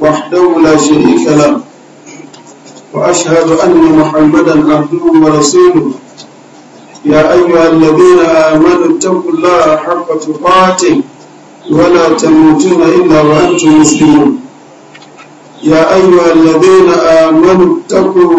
وحده لا شريك له وأشهد أن محمدا عبده ورسوله يا أيها الذين آمنوا اتقوا الله حق تقاته ولا تموتون إلا وأنتم مسلمون يا أيها الذين آمنوا اتقوا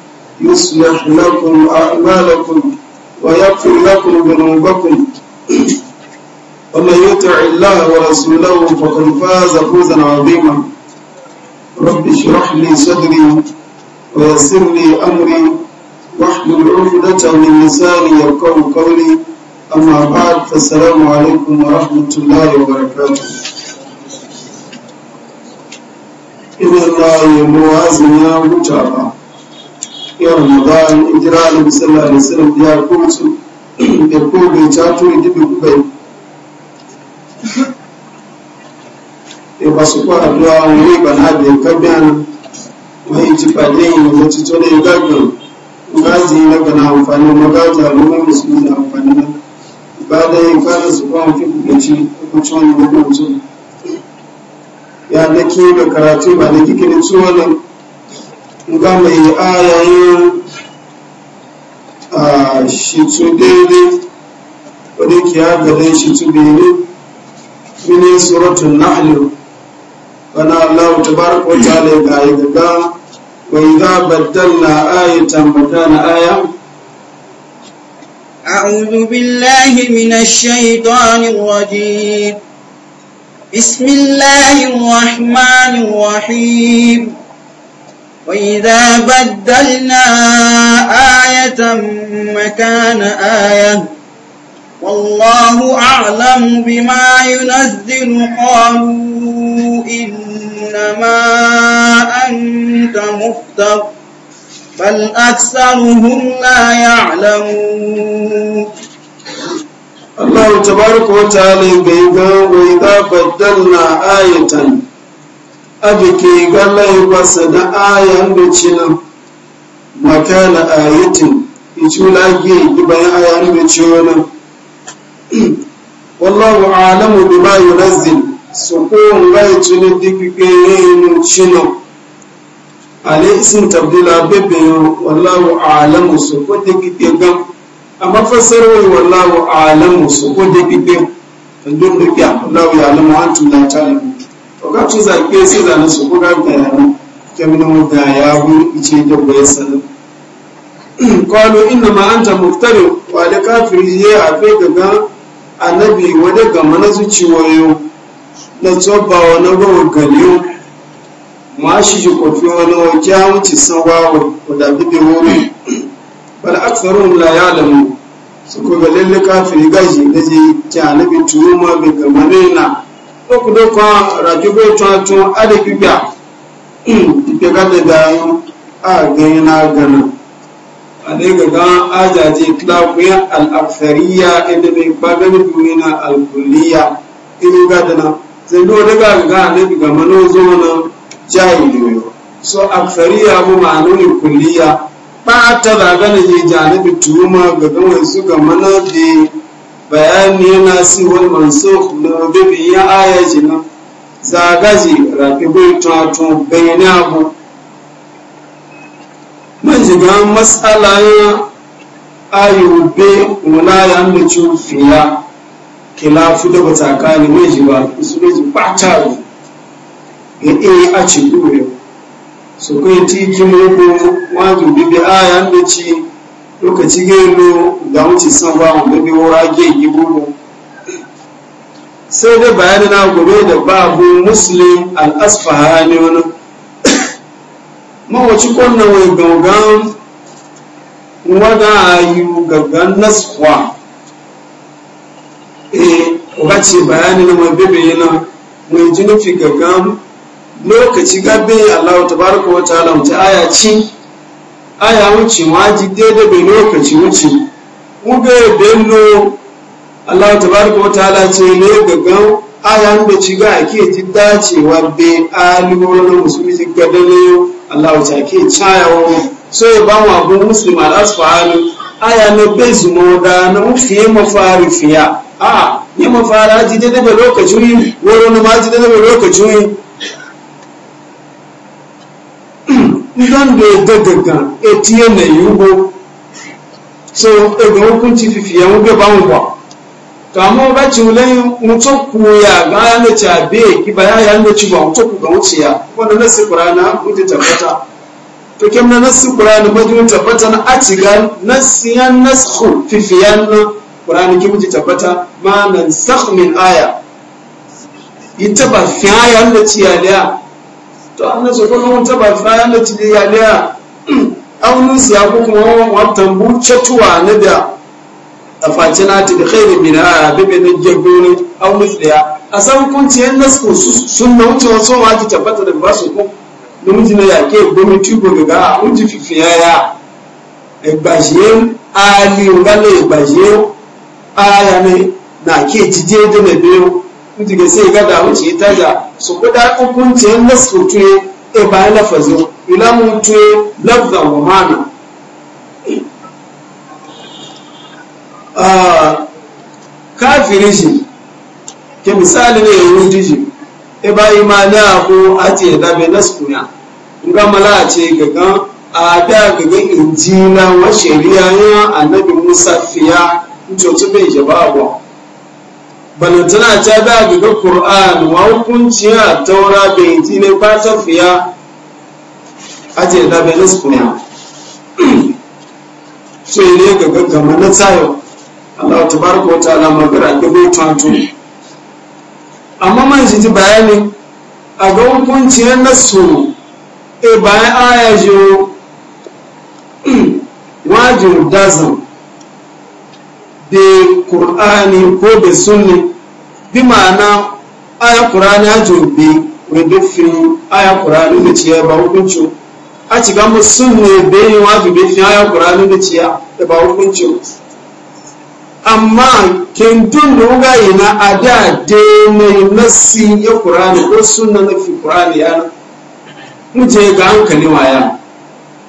يصلح لكم أعمالكم ويغفر لكم ذنوبكم ومن يطع الله ورسوله فقد فاز فوزا عظيما رب اشرح لي صدري ويسر لي أمري واحلل عقدة من لساني يفقهوا قولي أما بعد فالسلام عليكم ورحمة الله وبركاته إن الله يموازن يا متابعه ya ramadan ijira alim sallallahu ya kurutu da ko bai cato ya dibi kubai e ba su kwa addu'a wani ba na da kabiyan mai ci fade yin da ci tole ya gaggan gaji na amfani na gaji a ruwan musulmi na amfani na ibada yin kare su kwa ci, kudanci hukuncin wani mutum ya da ke da karatu ba da kike da ciwon ga mai ayayin a shitu daidai wadda ke agadon shitu dede mini suratun nahlin wani allahu ta bar wa ta'ala ga yi gaga wai za baddalna ayatan na aya أعوذ بالله من الشيطان الرجيم بسم الله الرحمن الرحيم وإذا بدلنا آية مكان آية والله أعلم بما ينزل قالوا إنما أنت مفتر بل أكثرهم لا يعلمون الله تبارك وتعالى بيقول وإذا بدلنا آية abike gallai basa da ayan da cinan makala ayatin ichula ge bayan ayan da cinan wallahu alamu bima yunazzil su kowon gai cini dikike yayin cinan ale isin tabdila bebe wallahu alamu su ko dikike gam amma fasarwai wallahu alamu su ko dikike tandun dukiya wallahu alamu antum la ta'lamun ga tu za ke sai za su ko ga ga yana kamin mu ya bu ice da boye sanin qalu inna ma an muftari wa da kafiri ya afe daga annabi wada ga na ciwayo na tsoba wa na gawa galiyo ma shi ji kofi wani wajen wuce sanwa wadda bibi wuri bal aktharuhum la ya'lamu su ko ga lalle kafiri gaji da je ki annabi tuwo ma bi gama manena okudo kwa rajugo tuntun ade gbigba ipe kade gayan a gani na gana ajaji klafiyan al'afariya inda bai gbagani alkuliya ilu gadana sai duk wani gaga anabi ga manozo na jahiliyo so afariya mu ma'anonin kulliya ba ta zaga na je janibi tuhuma ga gawan su ga mana bayan bayani na si wani mansukh no bibi ya aya na zagaji rafi bai tuntun bayani abu man jiga matsala ya ayube wulayen da cufiya kilafu da ba tsakani mai jiba su ne ji ba ta ya iya a cikin so kai ti kimo ko wajibi bi ayan da ci lokaci ga yalo da wuce son ba mu gabe wa ake yi bulu sai dai bayani na gobe da babu muslim al-asfahani wani mawaci kwanan wai gangan wada ayu gangan naswa eh wace bayani na mai bebe yana mai jinufi gangan lokaci gabe allahu tabaraka wa ta'ala mutu aya ci aya wuce ma ji daidai bai lokaci wuce ga bello Allah tabaraka wa ta'ala ce ne ga aya da ci ga ake ji dacewa be aliwowar musulmi ji gadale Allah ta ke tsayawa so ya ba mu abun musulma da aya na bai zumo da na fiye fari fiya a ne fara ji daidai bai lokaci wuri wani ma ji daidai bai lokaci wuri ndondo gaggaga etiye na yugo so ega hukunci fifiye wube ban kwa kamo ba ci wulai mutu kuya ga ya na ci abe ki ba ya ya na ci ba mutu ku ga wuciya wanda na si kurana mutu tabbata to kem na nasi kurana mutu tabbata na aciga nasiyan nasu fifiyan na kurana ki mutu tabbata ma nan sakh min aya yi ita ba fiya ya na ci ya to an na ko mun taba tsaya na cili ya ne a an nusi ya kuma wawan watan buce tuwa ne da a face na ta da khairu min a bibi na jagorin an nusi ya a san kunci yan nasu sun na wuce wasu ma ki tabbata da basu ba su ko ya ke gomi gwamnati gobe ga a wuce fifiya ya ìgbàṣẹ́ ààlè ògálẹ̀ ìgbàṣẹ́ ààyàmẹ́ nà kí ne biyo kuti ga sai ga da wuce ta ga su kuda hukuncin nasu tuye e ba fazo ila mun tuye lafza wa mana ah, kafiri shi ke misali ne yahudi shi e ba yi ma na ko a ce da na nasu ya ga mala ce ga kan a da ga injina wa shari'a ya annabi musa fiya cocin bai jaba abuwa tana ta da a ga ƙur'an wa hukunci a taura da yi ne ba ta fiya a ce da bai nasu kuma so ne ga gaggama na tsayo Allah ta baraka wa ta'ala magana ga bai tantu amma man shi ji bayani a ga hukunci na nasu e bayan aya jiyo wajin dazan da Qur'ani ko da sunni bi ma'ana aya kurani a jobe redufin aya kurani da ciya ba hukuncin a ci gama sun ne bayan wa jobe fin aya kurani da ciya da ba hukuncin amma kintun da wuga yi na adade mai nasi ya kurani ko suna na fi kurani ya na muje ga hankali waya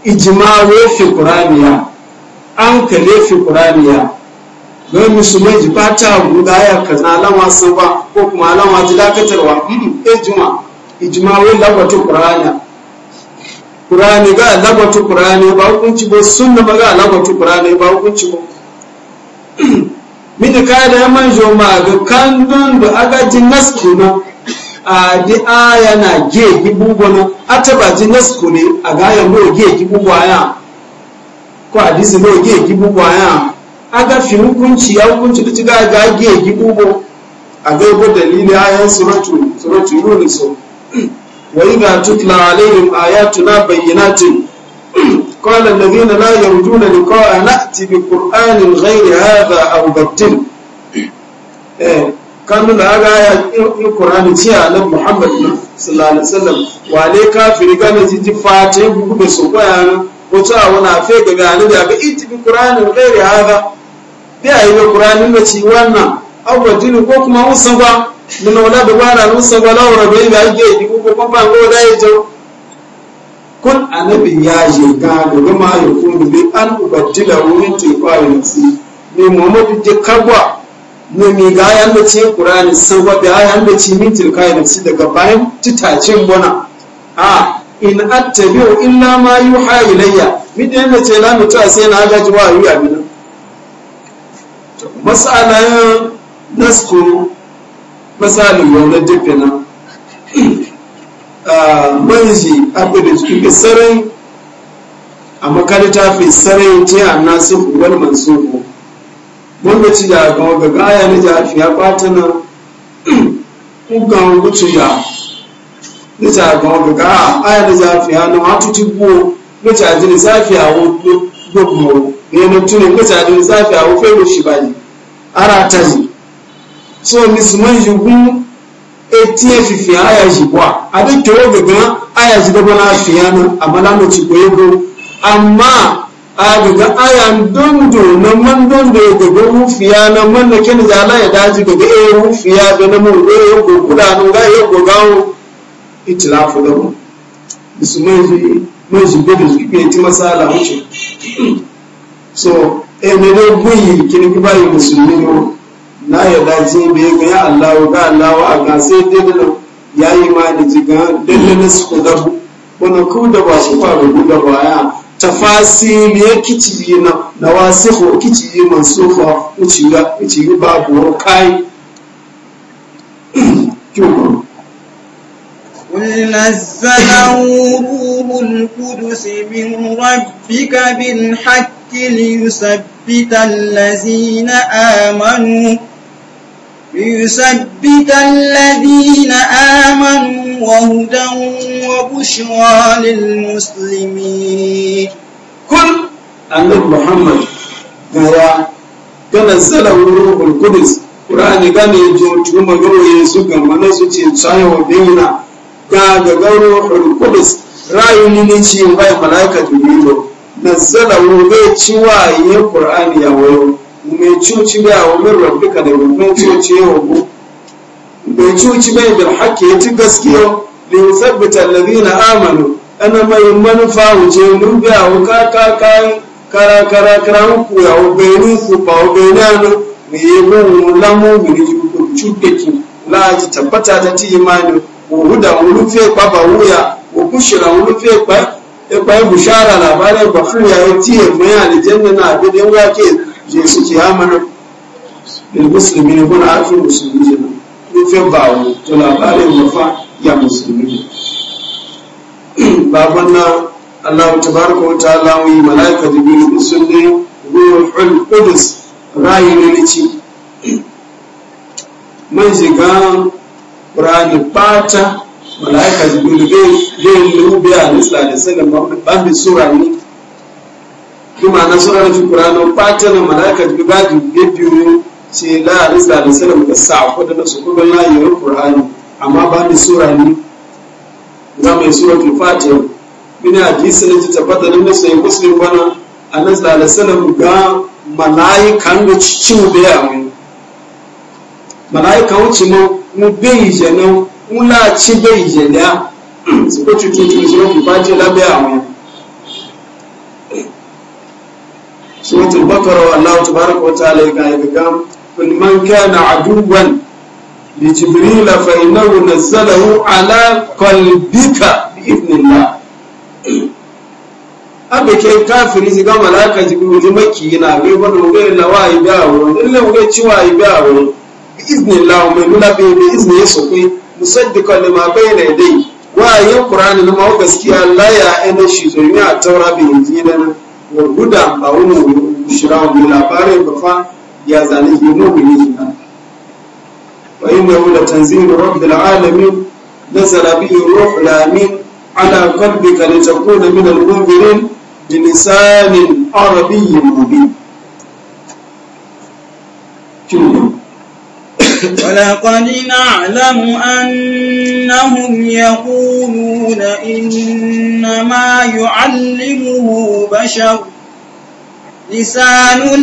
ijima fi kurani ya hankali fi kurani ya don musulmai ji ba ta guda ya kaza alama san ba ko kuma alama ji dakatarwa eh, juma ijma wai labatu qur'ani qur'ani ga labatu qur'ani ba hukunci ba sunna ba ga labatu qur'ani ba hukunci ba mini ka da man jo ma ga kan don da aga ji nasku na a di aya na ge gibu gona ataba ji nasku ne a ga yamma ge gibu gwaya ko hadisi ne ge gibu gwaya aga fi hukunci ya hukunci da ciga ga ge gibubo a ga go dalili ayan suratu suratu yunus wa idha tutla alaihim ayatuna bayyinatin alladhina la yarjuna liqa'a na'ti bi qur'anin ghayri hadha aw بدل eh, kanu da ga ya yi Qur'ani ci a nan Muhammad sallallahu alaihi wasallam wale kafiri gane ji ji fata gugu da su koya ga. wato a wani afe ga ni da ga itibi Qur'ani gairi hada bi a yi kuranin da ci wannan abuwa jini ko kuma musa ba nuna wala da ba na musa ba laura bai ba yake yi ko kuma ba ko da ya jau kun annabi ya je ka da gama ya kuma bi an ubaddila wurin tekwa yanzu ne muhammadu je kagwa ne mai ga ya da ce kurani san ba bi ya da ci min tilka yanzu daga bayan titacin bona a in attabi'u illa ma yuha ilayya midan da ce la mutu sai na gaji wa yi abin masala ya naskuru masalin yau na jefe nan manji abu da suke sarai a makarita fi sarai ta yi anna su wani mansuku wanda ci da ga waga gaya na jafi ya bata na kugan wuce ya na ta ga waga gaya aya na jafi ya na wata tubbo na ta jini zafi a wuce gbogbo ne na tuni na ta jini zafi a wuce shi ba ne Ara aratani so misiman yugun eti efifi aya jibwa to kewo gaga aya jibaba na afiyana amalano chikoyego amma agaga aya dondo na man dondo gaga rufiya na man na kene zala ya daji gaga e rufiya da na mun e yogo kuda no ga yogo gawo itilafu da mu misiman yi mun jibe da jibe ti masala wuce so emele gwiyi kini ki bayi musulmi no na ya dace be ga ya Allah ga Allah wa ga sai dai da yayi ma da jiga dalle ne su da wani ku da ba su ba rubu da baya tafasil ya kici yi na na wasihu kici yi mansufa ga kici yi ba babu kai kyoko قل نزله روح القدس من ربك بالحق الْحَقِّ لِيُثَبِّتَ الَّذِينَ آمَنُوا لِيُثَبِّتَ الَّذِينَ آمَنُوا وَهُدًى وَبُشْرَى لِلْمُسْلِمِينَ كُنْ أَنَّ مُحَمَّدٌ هُوَ تَنَزَّلَ الرُّوحُ الْقُدُسُ Kur'ani gane jo tuma gano Yesu ga mana su ce tsaya wa biyuna ga ga gano Ruhul Qudus rayu ne ne ci bai malaika tuma gano nazzalahu zai ci yi qur'ani ya wayo mai cuci da wa min rabbika da mai cuci ya wago mai cuci bai da haqqi ya ci gaskiya li yuthabbita na amalu ana mai manufa wuce nubi a wuka ka kara kara kara ku ya wa su ba anu baynanu mu yi mun lamu mu ji ku ki la ji tabbata ta ti imani wa huda mu rufe ba ba wuya wa kushira mu rufe ba ikwaye bushara labarai ba ya yi tiye mai alijanna na abin yin wake je su ke hamanin bil musulmi ne kuna harfin musulmi jina rufin bawo to labarin mafa ya musulmi ne babban na allahu tabaraka wa ta'ala wa yi malaika jibril sunni ruhul qudus rayi ne ci man shiga qur'ani bata malaika jibrilu zai yi biya a nisla da sanin bambi sura ne kuma na sura da fatan malaika jibrilu ba ji biyu ce la a nisla da sanin ka sa kudu na su kuma na yi kurani amma bambi sura ne za mai sura fi fatan bin hadisi na ji tabbata da nasu yi muslim bana a nisla da sanin ga malaikan da cikin biya mai malaika wuce mu bai yi janin ńlá ci ìyẹ̀lẹ́ à tí kò tuntun tí ìṣòro kò bá jẹ́ lábẹ́ àwọn sọ́tò aláwọ̀ tó bá rẹ̀ ga lè na zàlàwó alákọ̀lbíkà ìfìnnà abike kafiri ti gama laka jibiri maki na wani ibi ciwa ibi izinin ya musaddiqan lima bayna yadayhi wa yin qur'ani na mawa gaskiya la ya ina shi to ya taura bi injina na wa guda ba wani shirawo bi labarin ba fa ya zane bi no bi ne na wa inna hu la tanzilu rabbil alamin nazala bihi ruhul amin ala qalbika litakuna min al-munzirin بلسان عربي مبين. كلمة ولقد نعلم أنهم يقولون إنما يعلمه بشر لسان,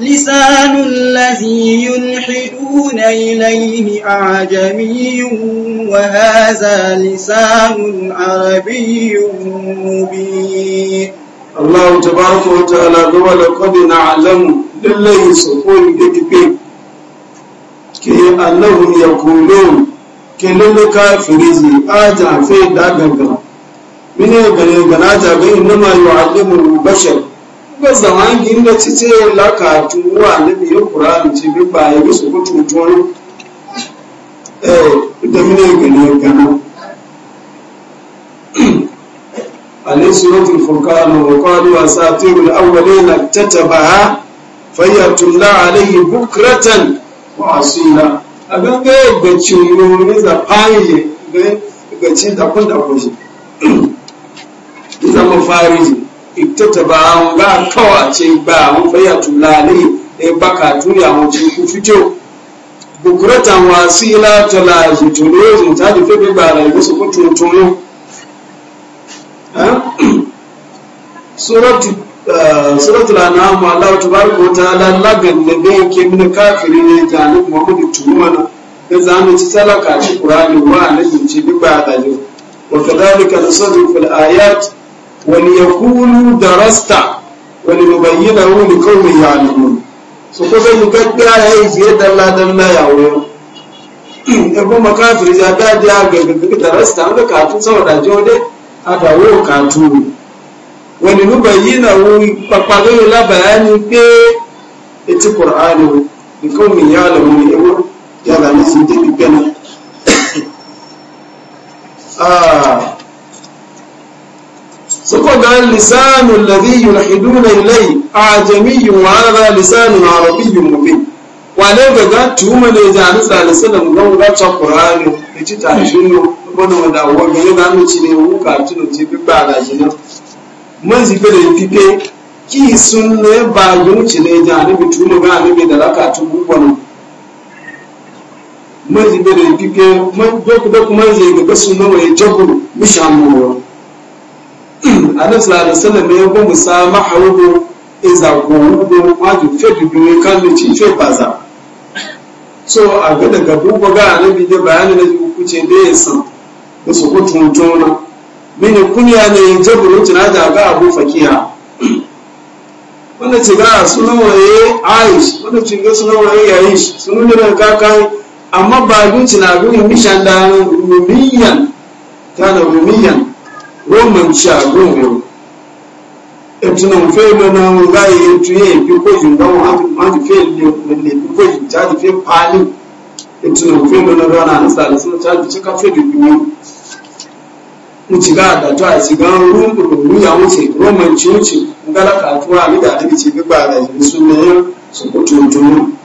لسان الذي يلحدون إليه أعجمي وهذا لسان عربي مبين الله تبارك وتعالى ولقد نعلم لله سكون بكبير ke yi annahu ya kuno ke lullu kafiri zai aja fi dagaga mini gane gana jaga inda ma yi wa alimu bashar ga zaman gina cice lakatu wa alimu ya kura da ce bi ba ya bi su kutu tori eh da mini gane gana ale suratul furqan wa qalu asatirul awwalina tatabaha fayatulla alayhi bukratan wasila abin ga ga ciyoyi da fayi ne ci da kun da kuji zama Ita ta ba an ga ce ba an faya tulani e baka turi an ci ku fito bukuratan wasila tala ji tulozi ta ji febe ba la yusu ku tuntuno suratu Eh, suratul anam Allah tabaraka wa ta'ala lagan da bai ke mini kafiri ne janib Muhammad tumana da zamu ci talaka shi Qur'ani wa annabi ci duba ta jo wa kadhalika nasadu fil ayat wa liyakunu darasta wa linubayyinahu liqaumin ya'lamun so ko sai gadda yayi fiye da Allah dan na yawo da kuma kafiri ya dadi ga ga darasta An ga katun saboda jo dai a dawo katun wani yìí yi na wuri lábàá ni pé etí kùránì o nǹkan òmìnira lòun ni ewu yàrá ní sí débi ya سقط اللسان الذي يلحدون na أعجمي وهذا لسان عربي مبين wane gaga tuma ne ja ni tsani sanin gan gata qur'ani ƙur'ani? ci ta shinu bana wanda wa ga yana ni ne wuka tunu ci bi ba da shi manzi zibe da fife ki sun ne ba yunci ne ja ne bitu mu ga ne da raka tu gubanu man zibe da fife man doku doku man zibe ga sun nawa ya jabu mishamu annabi sallallahu alaihi wasallam ya go musamaha wudu iza go wudu ji fe ne kan ne ci fe baza so a ga daga bugo ga annabi da bayani da kuce da yasan su kutun tuntuna. mini kunya ne jabru tana da ga abu fakiya wanda ce ga sunan waye aish wanda ce ga waye aish da amma ba gunci na da rumiyan roman sha roman e na fẹ́ẹ̀mọ́ náà wọ́n gáyé ètù yẹn ìbí kòjì náà wọ́n ti fẹ́ẹ̀ lè lè bí kòjì jáde fẹ́ẹ̀ pàálì ẹtùnà wuce e ga da to a ci ga rumbu ya wuce roman ci wuce ngala ka tura mi da ta ci gba da sunne su ko tuntunu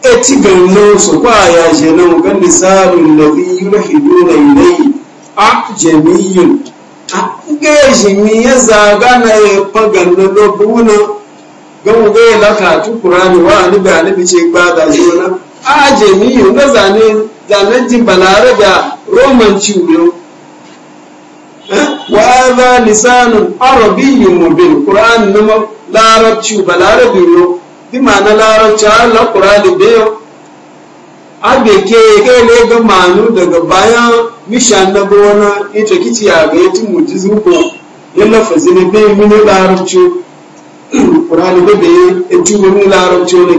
e ci ga no su ba ya je no ga misalun nabi yulhiduna ilayhi a jami'in. a ga shi mi ya zaga na ya pagan na lobuna ga mu ga la ka tu qur'ani wa ni da ni ce gba da jona a jami'in na zane zanen ji balarabe roman ci wuyo hadha lisanun arabiyyun mubin qur'an numa larabci ba larabi yo bi abe ke ke ne ga manu daga bayan mishan na bona ita kici ya ga yati mujizu ko be ne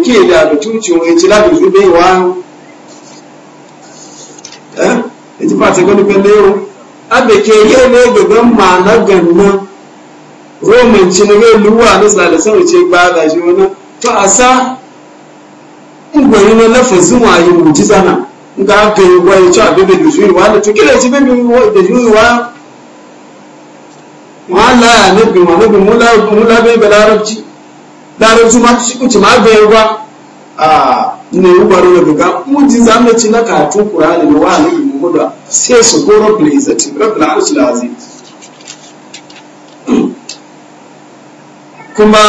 ke da da tuci wa ci labi zube wa eh ta yo abe ke yau ne gaban mana ganna roman ci na gai luwa na zalisan wuce ba da shi wani to a sa gwani na lafazin waye muji zana ga aka yi waye ci abin da dufi wa da to kila ci bebe da Wa wala ya nabi wa nabi mula bai ba larabci larabci ma shi kuci ma yi ba a ah, ne yi gwaro da gaga muji zana ci na katun kurani wa nabi muda sai su go rabbul izzati rabbul arshil azim kuma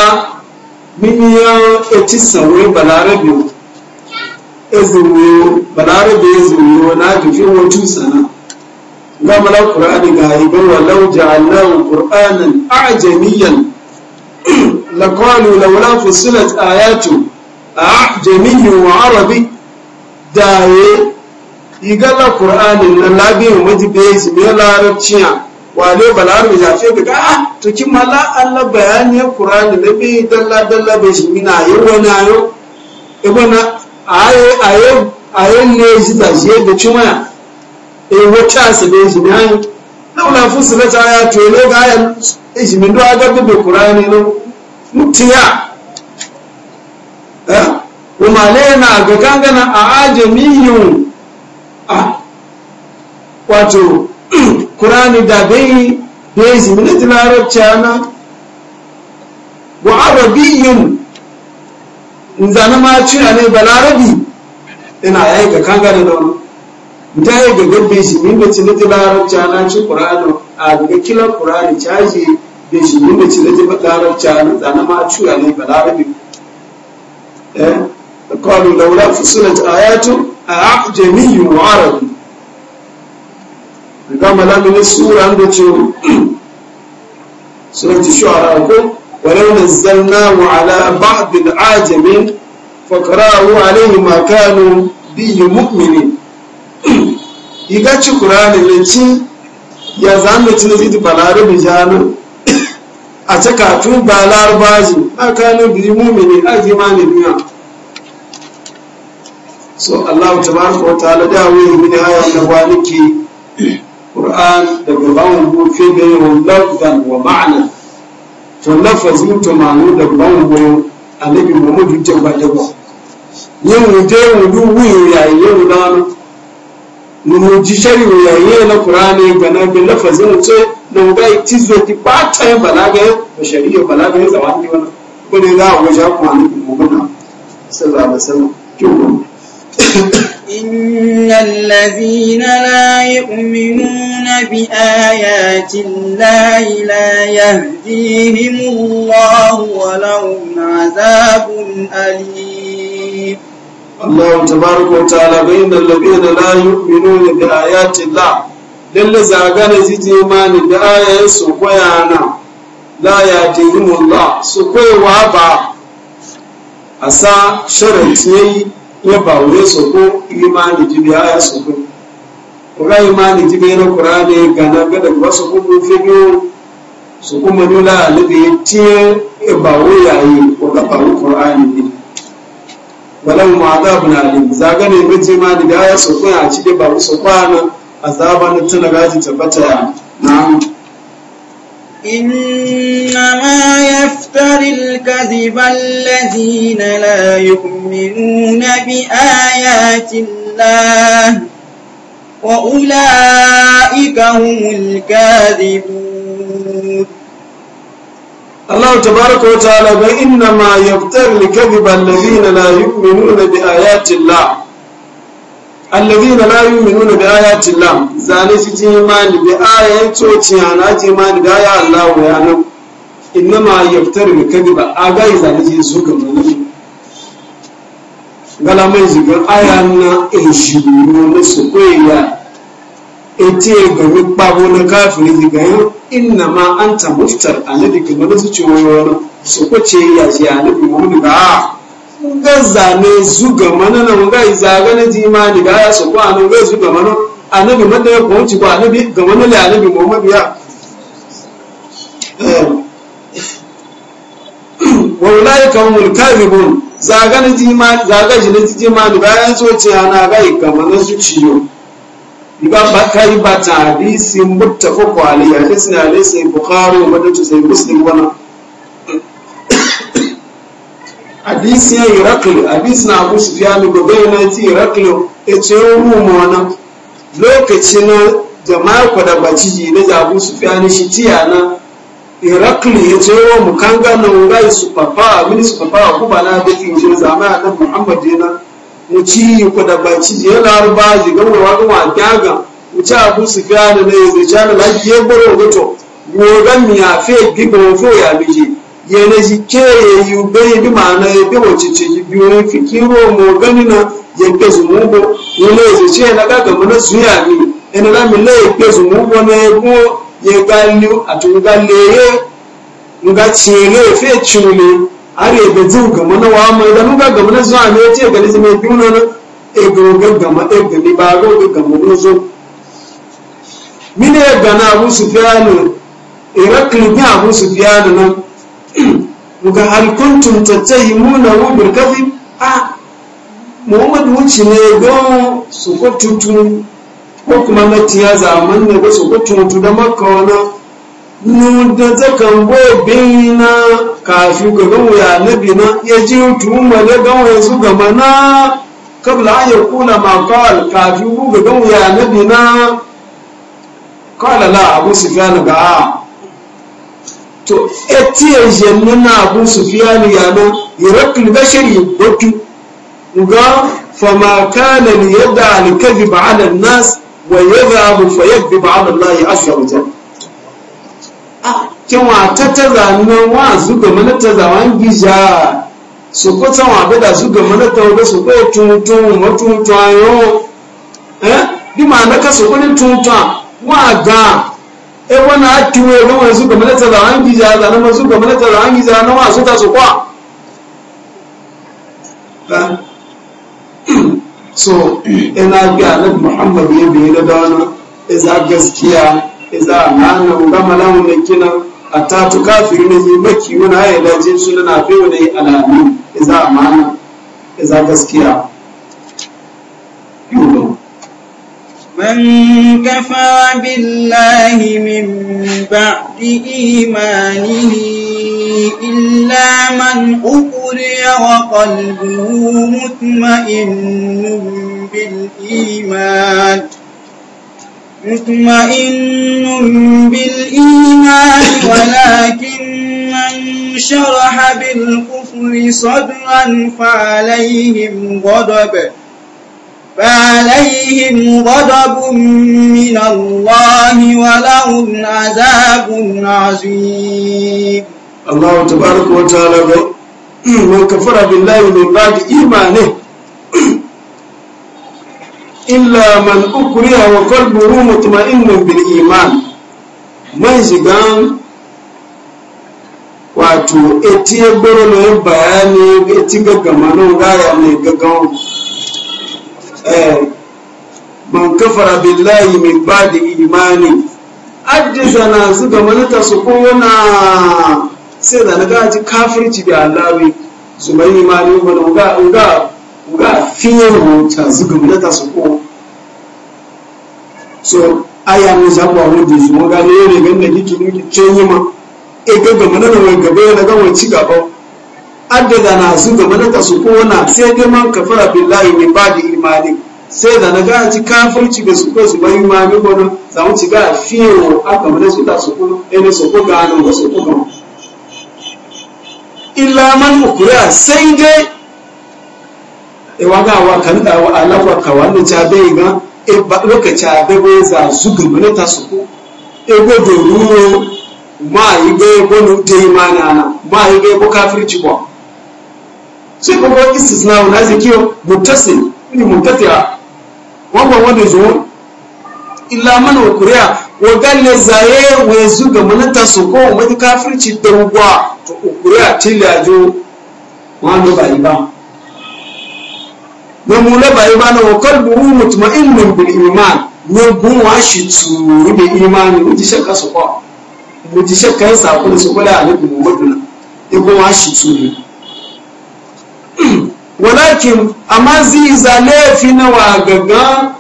miniyan etisa wuri balarabe ezuwo balarabe ezuwo na tafi wato sana ga na qur'ani ga ibar walau ja'alnahu qur'anan a'jamiyan laqalu law la fusilat ayatu a'jamiyyu wa arabi daye igala qur'ani na labiyin wajibe shi me larabciya wale balarabe ya fe daga ah to kin mala Allah bayani qur'ani na bi dalla dalla be shi mina yawa na yo ibona aye aye aye ne shi da shi da cuma e wata su ne shi ne laula fusilat ayatu ne ga ayan shi e min do aga bi qur'ani no mutiya eh kuma lena ga kangana a ajamiyun wato kurani da bai bezi zimini da larabci ana wa arabiyyun zana ma cina ne ba larabi ina ya yi ga kangare da wani ta yi ga gabbe shi min da cina da larabci ana ci ƙurani a daga kila ƙur'ani caji da shi min da cina da larabci ana zana ma cina ne ba larabi eh قالوا لولا فصلت آيات أعجمي وعربي gama lamini sura da ce surati shu'ara ko walau nazzalnahu ala ba'd al-ajamin faqra'u alayhi ma kanu bi mu'minin iga ci qur'ani le ci ya zanda ci zidi balare bi jano a ta katun balar baji ma kanu bi mu'minin ajimani biya so Allah tabaraka wa ta'ala da wani mini aya na waliki Qur'an da gaban mu fi da yawan lafzan wa ma'ana to lafazin to ma'anu da gaban mu mu duk ta ba da ba yin wuje mu wuyu yayi yau na mu mu ji shari yi na ne ga na bi lafazin ce da ga zo ki ba ta balaga ba shari'a balaga zaman ne wannan ko ne za a wajen ku annabi Muhammadu sallallahu alaihi wasallam إن الذين لا يؤمنون بآيات الله لا يهديهم الله ولهم عذاب أليم الله تبارك وتعالى بين الذين لا يؤمنون بآيات الله lalle zagana zije mani da ayayen su koya na la ya dihimullah su koyewa ba a sa sharanci yayi iya ba wuri su ko imani ya su ko kuma imani na gana gada kuma su kuma su kuma nuna alibi tiye e ba wuri ko ba wuri ne balan mu azab alim da ya su ko a ci da su azaba na tana gaji tabbata na إنما يفتر الكذب الذين لا يؤمنون بآيات الله وأولئك هم الكاذبون الله تبارك وتعالى إنما يفتر الكذب الذين لا يؤمنون بآيات الله alladhina la yu'minuna bi ayati llah zane shi ji imani bi ayatin coci na ji imani da ya Allah ya nan innama yaftari bi kadiba agai zane ji su ga mun gala mai zigar aya na ehishiburu na su kwaya ete gari kpabo na kafin zigar yin inna ma an ta muftar a nadi kamar su ce wani su kwace ya ji a nabi wani ga nga zane zuga mana na nga izaga na jimani ga ya sokwa ana nga zuga mana anabi mata ya kwanci ko anabi ga mana le anabi muhammadu ya wallahi kawul kadhibun zaga na jimani zaga shi na jimani ga ya soce ana ga ga mana zuciyo iba ba kai ba ta hadisi muttafaq alayhi hadisi na hadisi bukhari wa madatu sai muslim wannan hadisi ya irakli hadisi na abu su fiya nuga bayyana ti irakli ya ce rumu wana lokaci na jama'a ku da baciji na jabu su fiya ni shi tiya na irakli ya ce wa mu kan gana wurai su papa mini su papa ku ba na da kinji zamaya na muhammad yana mu ci ku da baciji ya laruba ji ga wa ga wa gaga mu ci abu su na yanzu zai ci na lafiya goro goto gogan mi ya fe gigo fo ya miji yana ji ke ya yi bai bi ma'ana ya bi wace ya fi kiro mu ya ke zumugo yana ya ce yana gaga mana zuya ne yana da mila ya ke zumugo na ya ko ya gali a tun nga cire ya fe cire ga zu ga mana wa mai da na e ga ga ga ma e gali ba ga ga ga ga hal kuntum tattahimuna hu bil kadhib a muhammad wuce ne go su ko tutu ko kuma ya zaman ne go su ko tutu da makka wana da zakan bo bina kafi ga gamu ya nabi na ya ji ga da ya su gama na kabla an yakuna ma qal kafi ga gamu ya nabi na qala la abu sufyan ga a to etiye jennu na abu sufiyanu yano irakul bashari gotu ga fama kana li yada al kadhib ala an nas wa yadda abu fa yakdhib ala allah azza wa jalla ah kin wa tattaza nan wa zuga mana taza wan gija so ko tan wa bada zuga mana tawo so ko tuntun mutuntun ayo eh bi ma na ka so ko ni tuntun wa ga e wani ati wo ga masu su ga hangi za an gija da na masu ga da hangi za a na masu tasu su kwa so ina ga alif muhammadu ya biyu da dana iza gaskiya iza nana gama na wani kina a tu kafiri na yi maki wani haya da jinsu na nafi wani alamin iza amana iza gaskiya من كفى بالله من بعد إيمانه إلا من أكره وقلبه مطمئن بالإيمان مطمئن بالإيمان ولكن من شرح بالكفر صدرا فعليهم غضب فعليهم غضب من الله ولهم عذاب عظيم الله تبارك وتعالى من كفر بالله من بعد إيمانه إلا من أكره وقلبه مطمئن بالإيمان من زغان wato eti ya gboro na bayani eti gaggama nan gaya ne gaggawa Eh, man kafara billahi min ba'di imani addisa na su ga manata su kowana sai na naga ji kafirci da allawi su mai imani wani uga uga uga fiye wuta su so su magana ne ganin da nuke ma e, ga gaba na ga wani ci gaba adda na su ga malaka su kona sai dai man kafara billahi min ba'di imani sai da na gaji kafirci ga su ko su bai imani gona za mu ci ga fiyo aka mana su ta su ko ene su ko ga nan su ko ga illa man ukura sai dai e waga wa kan da wa alawa ka wannan ta bai ga e ba lokaci a bai bai za su ga malaka su ko e godo ruwo ma yi bai gonu dai mana ma yi bai ko kafirci ba sai ko ko istisna wa zai kiyo muttasil ni muttati'a wanda wanda zo illa man wa kuriya wa galle zaye wa ga manata su ko wani kafirci da ruwa to kuriya tilajo wanda ba ba na mula ba ba na wa kalbuhu mutma'innin bil iman ne gun wa shi tsuru da imani wuti shakka su ko wuti shakka sa ko su kula da alibu muhammadu ne gun wa shi tsuru walakin amma zai za laifi na wagaga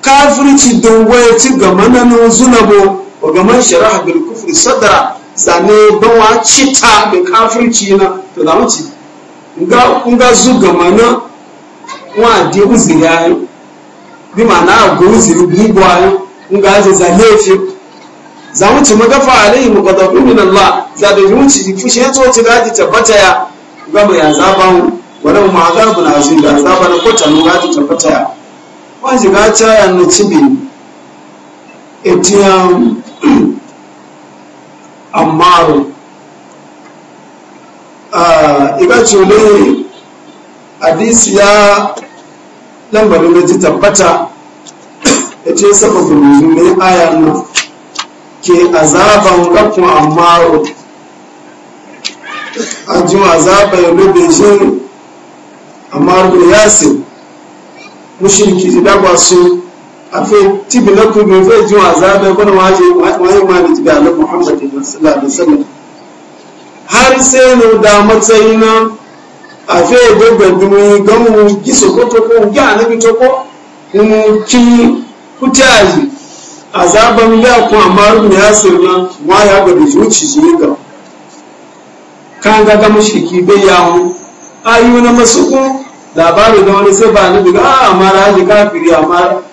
kafirci dungwaye ci ga mananin zunabo wa gaman shari'a bil kufri sadara zane bawa cita da kafirci na to da mace in ga zu ga mana wa de uziri ayo bi ma'ana ga uziri gugu ayi. Nga ga aje za laifi za mu ci magafa alaihi muqaddabun min Allah za da mu ci fushi to ci gaji tabbata ya gama ya zaba mu wala mu azabun azim da azaba na kota no gaji tabbata wanji ga ta ya no cibi etiyan ammaru ah iga chole hadisi ya lambarin da ji tabbata ya ce sababin nuzulin ayan nan ke azaban gafin ammaru a ji azaban ya lobe shi amma rubin yasin mushirki ji dagwa su a fi tibi na kuma fi ji wa zaɓe wani waje wani ma da tibi alaƙa muhammadu sallallahu alaihi har sai na da matsayi na a fi gbogbo dumi gamu giso ko to ko ga na bi to ko mu ki kutaji azaban ya ku amma rubin yasin na wa ya ga da zuci ji ga kan ga ga bai yawo ayu na masu labarin da wani sai ba ni daga a ah, amara haji kafiri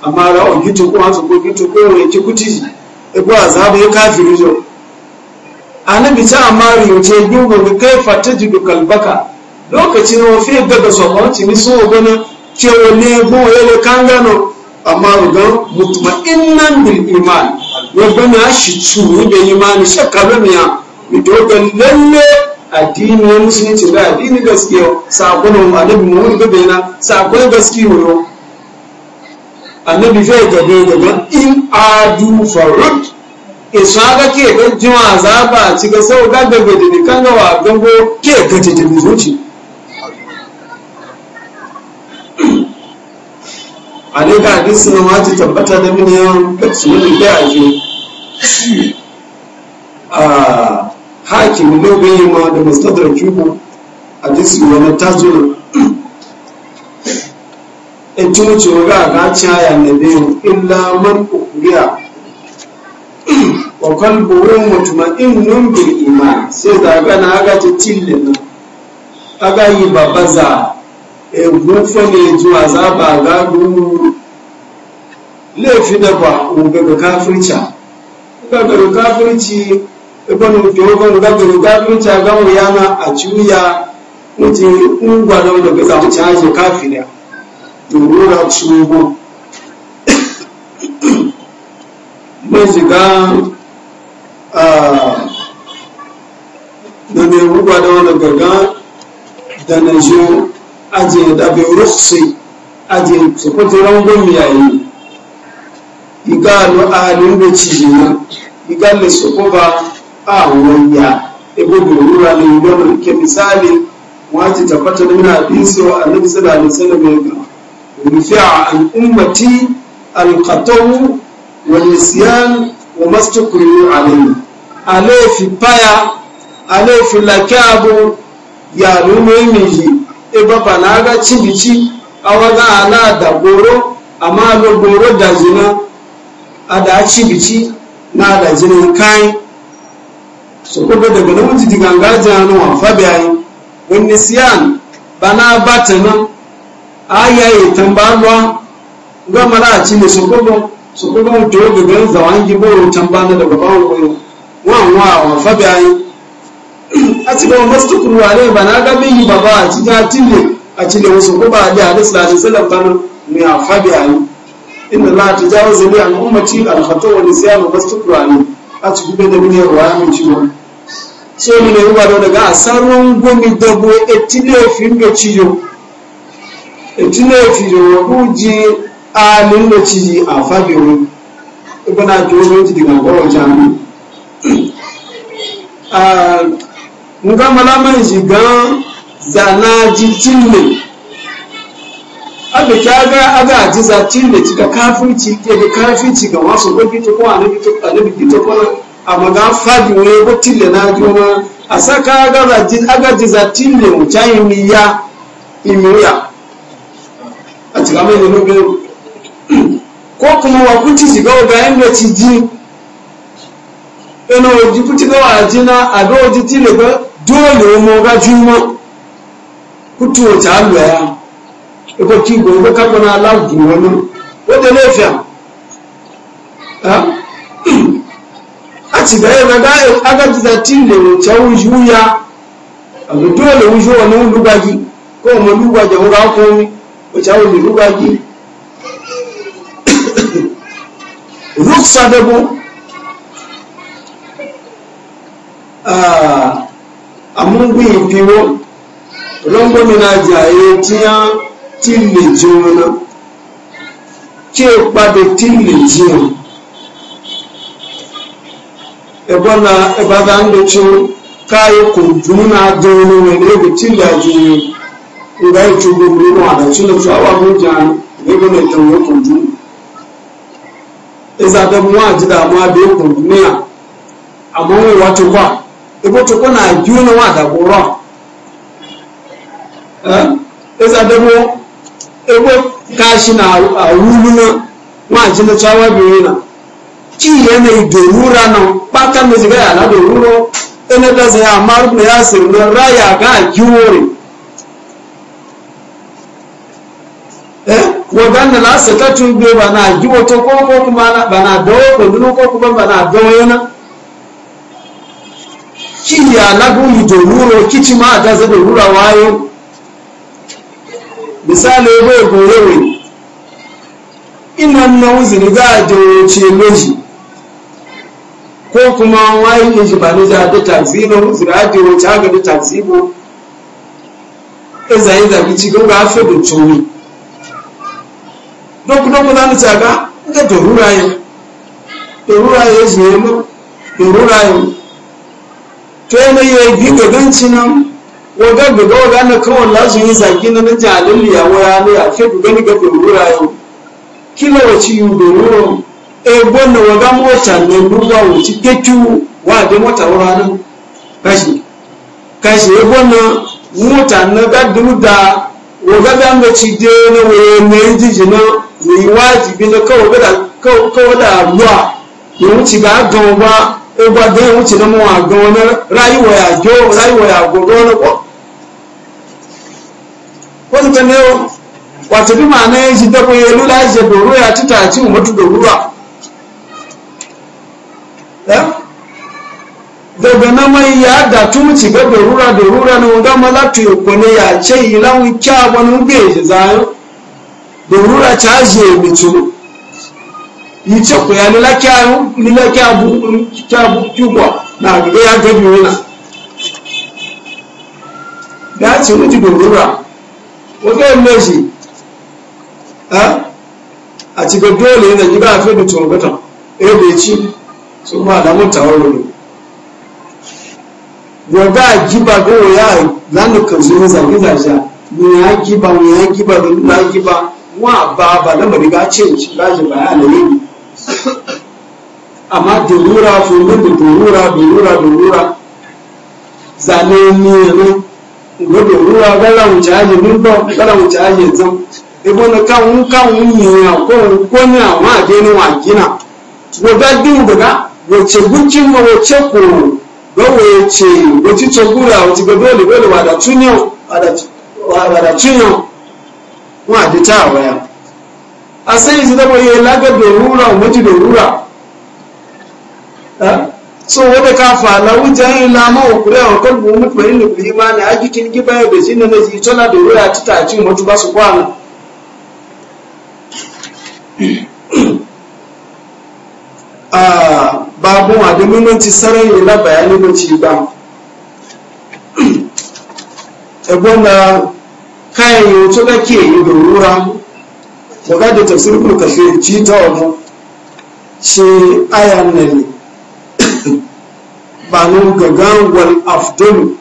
amara o gitu ko hasu ko gitu ko wani ki kuti e ko azabu ya kafiri jo annabi ta amari yace gungun ga kai fatajidu kalbaka lokacin wa fi daga sokonci ni so ne ke wani go yele kangano amma ga mutma'innan bil iman ya bana shi tsuru da imani shakka miya mi dogon lalle addini ya musulunci ga addini gaskiya sakonin annabi muhammad gabe na sakon gaskiya yo annabi zai gabe gabe in adu farud isa ga ke ga jima za ba ci ga sau ga gabe da ni kan gawa gango ke ga ta tafi zuci a ne ga hadisi na ma tabbata da mini yawan su mutum a ah. hakim lobe yi ma da mustadar cubo a disi wani tazuna in ci wuce ga ga caya na biyu illa man ukuriya wa kalbuwin mutuma in nun bil iman sai zaga na aga ta tillin na yi babaza e ofe na zuwa zaba ga guru laifi da ba ga kafirca ga ibanu dogon gabiru gabin ta gamu yana a juya mutum ungwaron da gaza mu caje kafina domin da shugo ne ungwaron da gaga da na ji aje da su kwato kawaiya ibu da rura ne gano ke misali wace tabbata da muna hadisi wa annabi sallallahu alaihi wasallam ya ga rufi'a an ummati alqatawu wa nisyan wa mastukuru alayhi alefi paya alefi lakabu ya rumo miji e baba na ga cibici awaga ala da goro amma lo goro da jina da cibici na da jinin kai so daga na daga nan jidi ganga jano wa fabi ayi wani siyan bana batana aya yi tambalwa ga mara ci ne so ko so ko ga to ga gan zawangi bo tambana daga bawo koyo wa wa wa fabi ayi a cikin gaba masu kurware ba na ga bin yi ba ba a ci ta cile a cile wasu ko ba da hadis da sallam kan a ya fabi ayi inna la tajawaza li an ummati al khata wa nisyan masu kurware a ci gaba da bin yi wa ya mun ci sai mu ne ruwa da daga a sarron gomi dabo etile fin da ciyo etile fiyo wa kuji alin da ciji a ah, ah, fagewa jami a nga malaman shiga zana jikin ne abu kyaga aga ji zatin da ci da kafirci ke da kafirci ga wasu gwagito ko anabi amma ga fadi ne ko tille na juma a saka ga zati aga ji zati ne mu tayi mi ya imiya a ci gaba ne lobe ko kuma wa kuti shiga ga inda ci ji ina waji kuti ga waji na a ga waji tille ga dole mu ga juma kutu wata alwa ya iko e ki gobe ka kona lagu wani wata lafiya ci ga yana ga aga za ti le mu cha u ya abu dole u ju wani lugagi ko mu lugagi ho ga ko mi o cha u lugagi ruksa da bu amúgbì ìfiwó rọ́gbọ́mìnà àjàyè tí a ti lè o padà ti lè jẹun. ebona ebada ndochi kayi kunduna dono wene gutilla jini ngai tuguru no ada chino chawa mujana e ebo ne tawo kundu eza da mu e aji e da mu abe eh? ya amon wa tukwa ebo tukwa na juno wa da boro eh eza da mu ebo kashi na na na ki yanayi da rura nan ɓatan da shiga yana da ruro ina da sai amma rukun ya sirrin raya ga kiwore eh wadannan na sakatu be ba na giwo ta ko ko kuma ba na dawo ko dunu ko kuma ba na dawo yana ki ya lagu yi da ruro kici ma ta zai da wayo misali bai goyewe ina nan wuzini ga jawo ce ko kuma wayin ya shi ba ni ja ta tanzibin zirage wacce haka da tanzibo in zaye zage cikin ba fi da cuni don kudin ku za ni caga ga dorura yin su ya mu dorura to yana yi bi ga ganci nan waga ga ga waga na kawai lasu yi zaki na nan jalin liyawa ya ne a fi ga gani ga dorura kila wace yi dorura egbon na waga mota na ruwa wuce ketu wa da mota wuranin kashi kashi egbon na mota na gadduru da waga da nga ci de na waye na jiji na yi wajibi na kawo da ruwa ya wuce ba ga ba egba da ya wuce na mawa ga wani rayuwa ya jo rayuwa ya gogo wani kwa wani ta ne wata bi ma na yi ji dabo ya lula ya doro ya ci ta ci mutu da ruwa Eh? daga na mai ya da tumci ga dorura dorura na wanda mala to yoko ne ya ce ilan kya wani ube ji zayo dorura ta je mitu yi ce ku ya nila kya nila na gaba ya gabi wuna ya ce wuti dorura wata yin meji eh? a ci ga dole yana gida a fi da tuwa gatan ebe eh, ci so ma da mota wani gobe a giba go ya lanukan zuwa zage-zage mu ya giba mu ya giba da nuna giba wa ba ba na mariga ce shi ba bayana yi amma durura fulmin da durura durura durura zane ni ne ga durura mu wuce aje min ba gara wuce aje zan ibo na kan kan yi ya ko ko ni amma dai ni wa gina ga din daga Wace gbúdzi ma wòtse kò gbé wòtse wòtítso gbúra wòtí dole dole wòlè wà dàtú ní o wà dàtú ní o wọn àdìtá àwọ ya asẹyìn sí dẹbọ yẹ lágbẹdọ òwúrọ òmójìdọ òwúrọ so wọ́n bẹ ká fà láwùjọ jẹ́yìn lámọ́ òkúrẹ́ ọ̀kọ́ gbọ́n mú pẹ̀lú ìlú yìí máa ní ajíkí ní gíbá ẹ̀bẹ̀ sí nínú ìyí tọ́lá dòwúrọ àtúntà àti ìmọ̀tún bá sọ pọ̀ àná. A. babun a da muhimmanci sarai ne na bayanin mace ba ebon eh, na kayan otu da ke yi da rura ga da tafsirin kurkafe ci ta wani ce ayan nan ne ba nun gagan wal afdol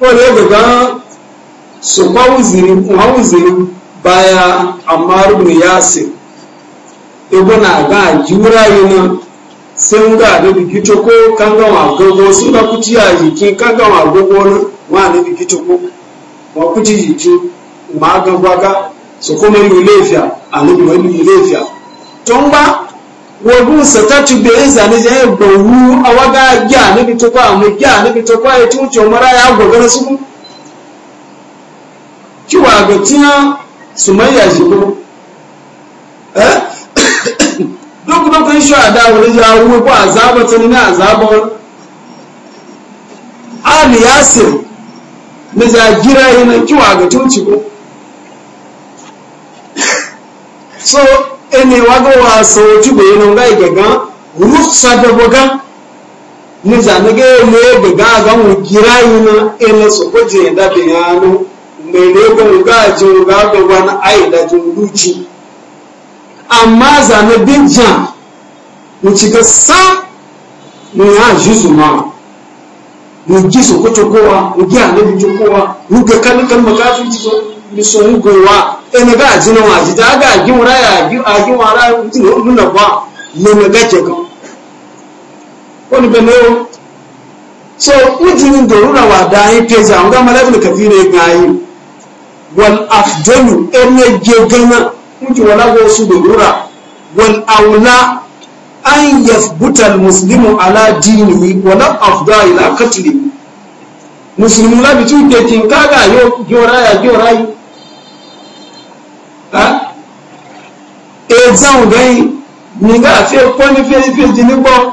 wale gaga su mawuzin baya amma rubin yasir ebon eh, na ga jura yi nan senga da bikito ko kanga wa gogo sun ga kuti a jiki kanga wa gogo na wa ne bikito ko wa kuti jiki ma ga gwaka so kuma yi lafiya a ne bi wani lafiya ton ba wo bu sata tu be za yi je gbowu awaga gya ne bi to kwa mu gya ne bi to kwa e tun cho mara ya gogo su ki ga tina sumayya shi ko kuma kun da wani jawo ko azaba tani na azaba ali yasir na jagira yana kiwa ga tunci ko so ene wago wa sauti go nan ga gaga rufsa da boga ni za ne ga mu gira yana ene so ko je da bayanu mai ne ga ga je ga ga amma zane binja mu cika san mu ya ji su ma mu ji su kuta kowa mu ji annabi ji kowa mu ga kalkan makafin ci mu mi so mu gowa e na ga ji na waji da ga gi wura ya gi a gi wara mu ti no na ba le na ga ce ko ni be ne so ji ni do rura wa da yi peza an ga malabin kafire ga yi wal afdalu ene gegana muke wala go su da dudura wal aula an yathbuta al muslimu ala dinihi wa la afda ila qatli muslimu la bi tuke kin kaga yo jora ya jora yi ha e zan gai ni ga fe ko ni fe fe jini bo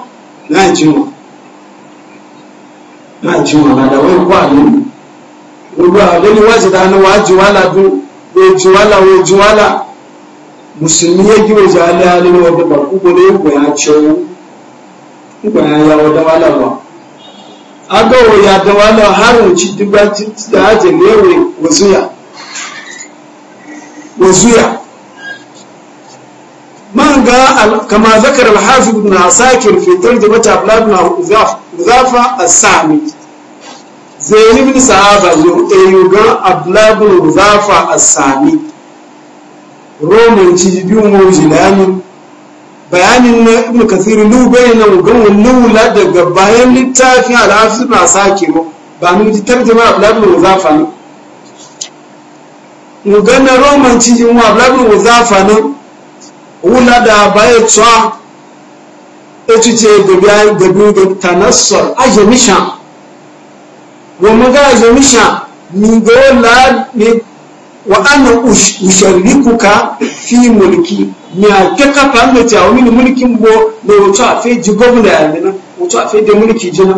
na jiwo na jiwo na da wai kwa ni ruwa gani wazi da na waji wala du e jiwala we jiwala musulmi ya waje hali hali ne wadda baku gole ko ya cewa ko ya yawo da wala ba aga ya da wala har wuce ci duba da aje ne we wazuya wazuya man ga kama zakar al na ibn fitar da mata ablad na zafa a sami zain ibn sahaba yo ayuga ablad zafa a sami roman ci biyu mu jilani bayanin na ibn kathir lu bayyana gawon nula daga bayan littafin al'afi na sake mu ba mu ji tarjuma abladul muzafa ne mu ganna roman ci mu abladul muzafa ne wula da baya tsawa etu ce da da biyu da tanassur ajamisha wa maga ajamisha ni ga wa ana usharikuka fi mulki mi a keka ta hannu ce a wani mulkin bo da wato a fe ji gwamna ya nuna wato a fe da mulki jina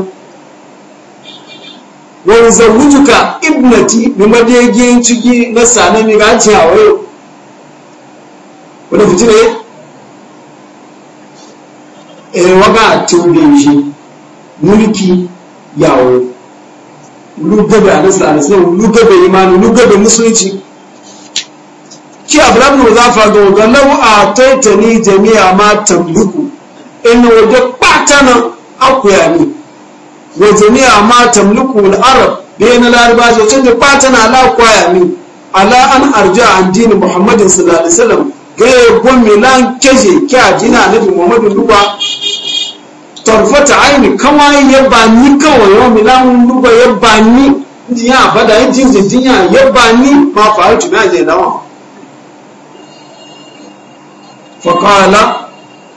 wa zawujuka ibnati mi madegin ciki na sanan mi ga a wayo wani fitire eh waga tobe shi mulki yawo lugabe a nasarar nasarar lugabe imanu lugabe musulunci abrahamu za fa ga ga a wa ni jami'a ma tambuku ina waje patana akuya ni wa jami'a ma tambuku al arab bayan al lariba ce tun da patana la kwaya ni ala an arja a dini muhammadin sallallahu alaihi wasallam ga ya gon mi lan keje kya jina nabi muhammadu luba tarfata aini kama ya ba ni kawai yau mi lan duba ya ba ni jinya bada yin jinsin jinya ya ba ni ma faru tuna je lawa faƙala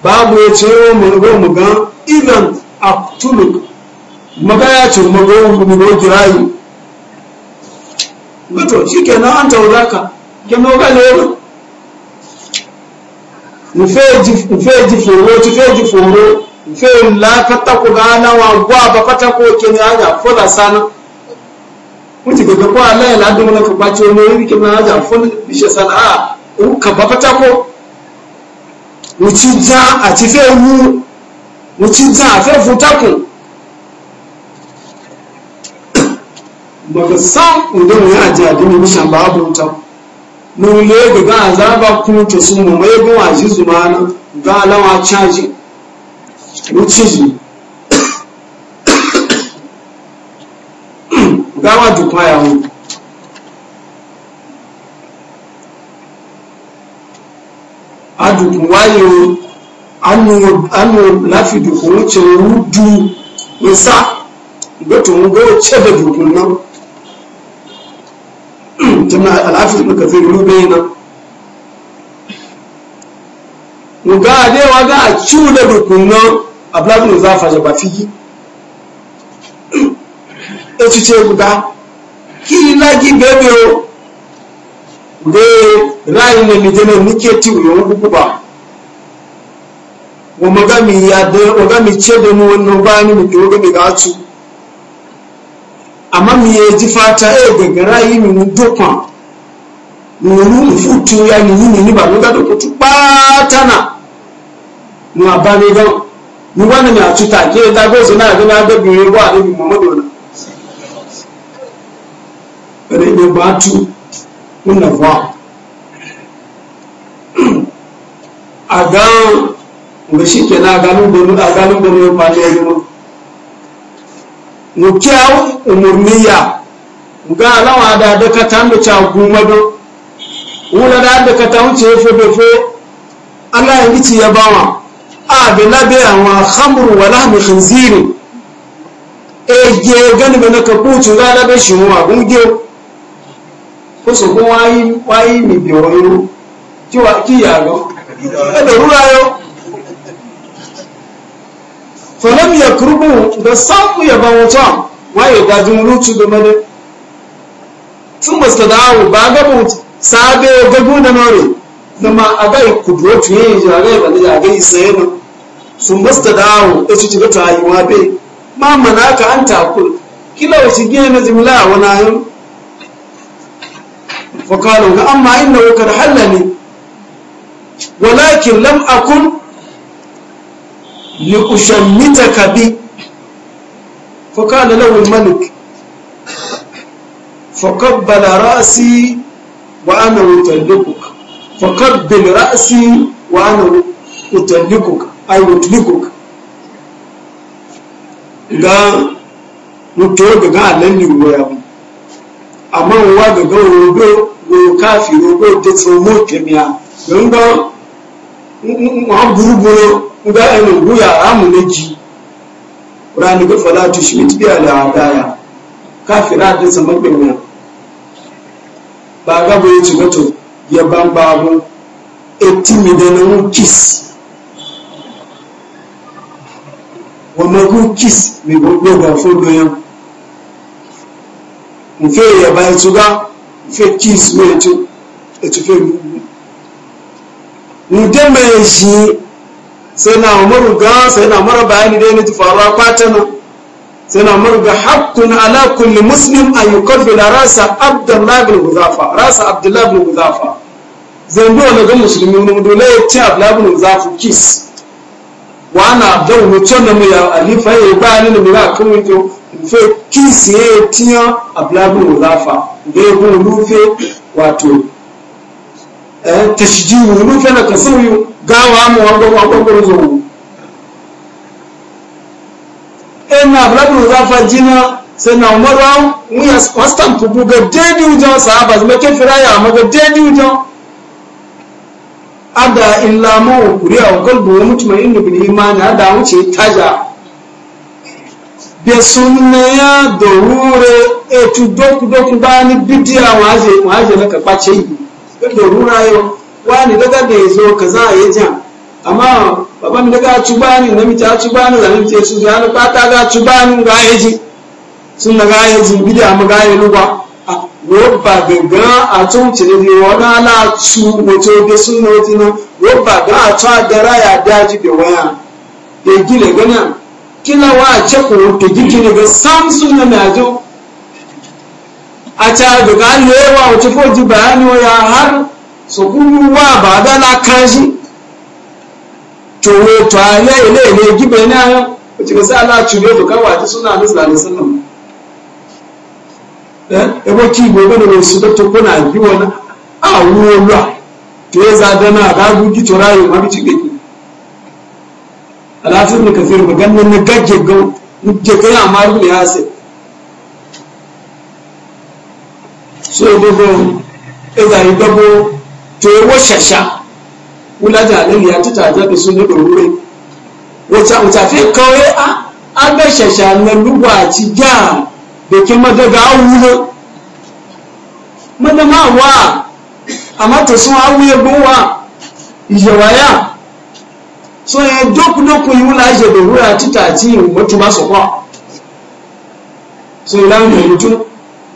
babu ya ce yau mu rubo mu gan idan aktuluk magaya ce mu rubo mu rubo girayi wato shi ke nan an taura ka ke moga lero mu fe ji foro ti fe ji foro fe la kata gana wa gwa ba kata ko ke ne aja fola sana mutu ga ko Allah ya ladu mana ka bace ne ke na aja fola bishe sana a ka ba kata ko mo ti dán àti fẹ́ wú mo ti dán àfẹ́ fún tákùn gbọ̀gbọ̀ sáà òde òun àti àdínní ní ṣàmbá àbúntà ní ilé gbẹ̀gbẹ̀ àzábà kún tòsùn mọ̀ ẹgbọ́n àjíṣù máa ná gbá aláwọ̀ achájì ló tìjì gbáwà dùkú àyàwó adùnkùn wáyé o anu láfidùnkùn ń ṣe rúdú ń sá ìgbẹ́tòun gbọ́ ṣẹ́bẹ̀ dùnkùn náà jẹ́nà aláfidùnkùn kẹfẹ́ ìlú bẹ́yìn náà nga adewa ga a ciwo da dukkan nan abulabulu za fa jaba fiki etu e ce guda ki lagi bebe o de ra'ayin da mijinin nike tiwo yawon gugu ba wa magami ya da magami ce da mu wannan bayan mu ki magami ga su amma mi ye ji fata e gaga ra'ayi mi mu dokwa mu ru mu futu ya ni ni ni ba mu ga doko tu patana mu abani ga mu wani mi atu ta ke ta gozo na ga na ga bi ye ba ni mu mu do na ere ne ba tu nínú wọn àgán òwe sì kẹ́ náà agánúgbẹ́ni ó parí ẹni wọn nukiya umurniya ga alawa da dakata mu ca gumado wula da dakata mu ce fo fo Allah ya gici ya bawa a bi labe wa khamru wa lahmi khinziri e je gani ba mu kó sògùn wáyé mìbì ọ̀yọ́ kí ìyá lọ ẹ̀dọ̀ rúra yọ. Fọlọ́mù yẹ kúrúbù da sáàmù yẹ bá wọn tán wáyé dájú lútu Tún ba su da awu ba gabu sabe gabu na nore zama a ga kuduro tuye yi a gai a gai saye Sun ba su da awu da su ci gata yi wa be. Ma ka an takul. Kila wasu gina na jimla a wani ayon faƙalin ga amma inda wukar hallani walakin lam akun li ƙushammita ka bi faƙalin lawul malik faƙabbala ra'asi wa ana wutallikuka faƙabbin ra'asi wa ana wutallikuka ai wutallikuka ga mutu yau ga ga'an nan ne wuya amma wa ga gawo wuyo gbogbo káfìrí owó tètè owó kẹmíà gbẹ̀ngbọ́ wọn burúburú ngbà ẹnu gbúyà ráàmù méjì rani gbé fọlá tó ṣùgbọ́n tí bí àlẹ́ àdáyà káfìrí àdètè mọ́gbẹ̀míà bàgá bóyá ti gbẹ́tò yẹ bá ń bá eti bọ́ etí mi dẹ́nu ń kiss mai gbogbo da fodo yau mu fe ya bai tuga fẹ́ kíìsì wọ́n ètò ètò fẹ́ gbogbo mutum mai shi sai na umaru ga sai na mara bayani da yana faruwa kwatana sai na umaru ga hakkun ala kulli muslim an yukaffila rasa abdullahi bin huzafa rasa abdullahi bin huzafa zai bi wani ga musulmi wani dole ya ce abdullahi bin huzafa kis wa na abdullahi mutum na mu ya alifa ya ba ni da mu ba kan wato fe kisi ya tiya abdullahi uzafa da ya kuma rufe wato eh, tashiji rufe na ka sauyi gawa mu wanda zo. zuwa ina abdullahi uzafa jina sai na umaru wasu tamfubu ga daidai wujan sahaba zama ke firaya amma ga daidai wujan ada illa mawa kuriya wa kalbu wa mutumai inda bin imani ada wuce taja da dorure etu doku doku ni bidiya wa waje na karba ce dorura yo wani daga da yazo a yi jan amma baban daga ba ni na mita tubani da nake su ya na fata ga ni ga yaji sun daga yaji bidiya mu ga yayi ba wobba gangan atun wa na ala su wato da sun na wata na wobba ga atun adara ya daji da waya da gile ganin kila wa ce ko jiki ne ga samsu na najo a ca daga lewa wuce ko ji bayani wa ya har su kuma wa ba da na kashi to we to ile ile gibe na yo wace ga ala Allah tube to a ta suna na zane alaihi wasallam eh ebo ki gobe da wasu da tukuna biyu wani na a ruwa ta yi zadana na ga gugi to rayu ma bi alatu ibn kathir ba gannan na gagge gau nuje kai amma ibn yasir so dogo eza yi dabo to yi wa shasha wula jalil ya ta taja da su na ɗorure wata wata fi kawai a an ga shasha na lugwaci ga da ke madaga a wuzo madama wa amma ta sun awuye gowa ijewaya so yẹn dọ́kúdọ́kú yìí wọ́n láṣẹ ìdòwúrà títà àti ìwọ́tú bá sọ̀pọ̀ so ìlànà ìrìnjú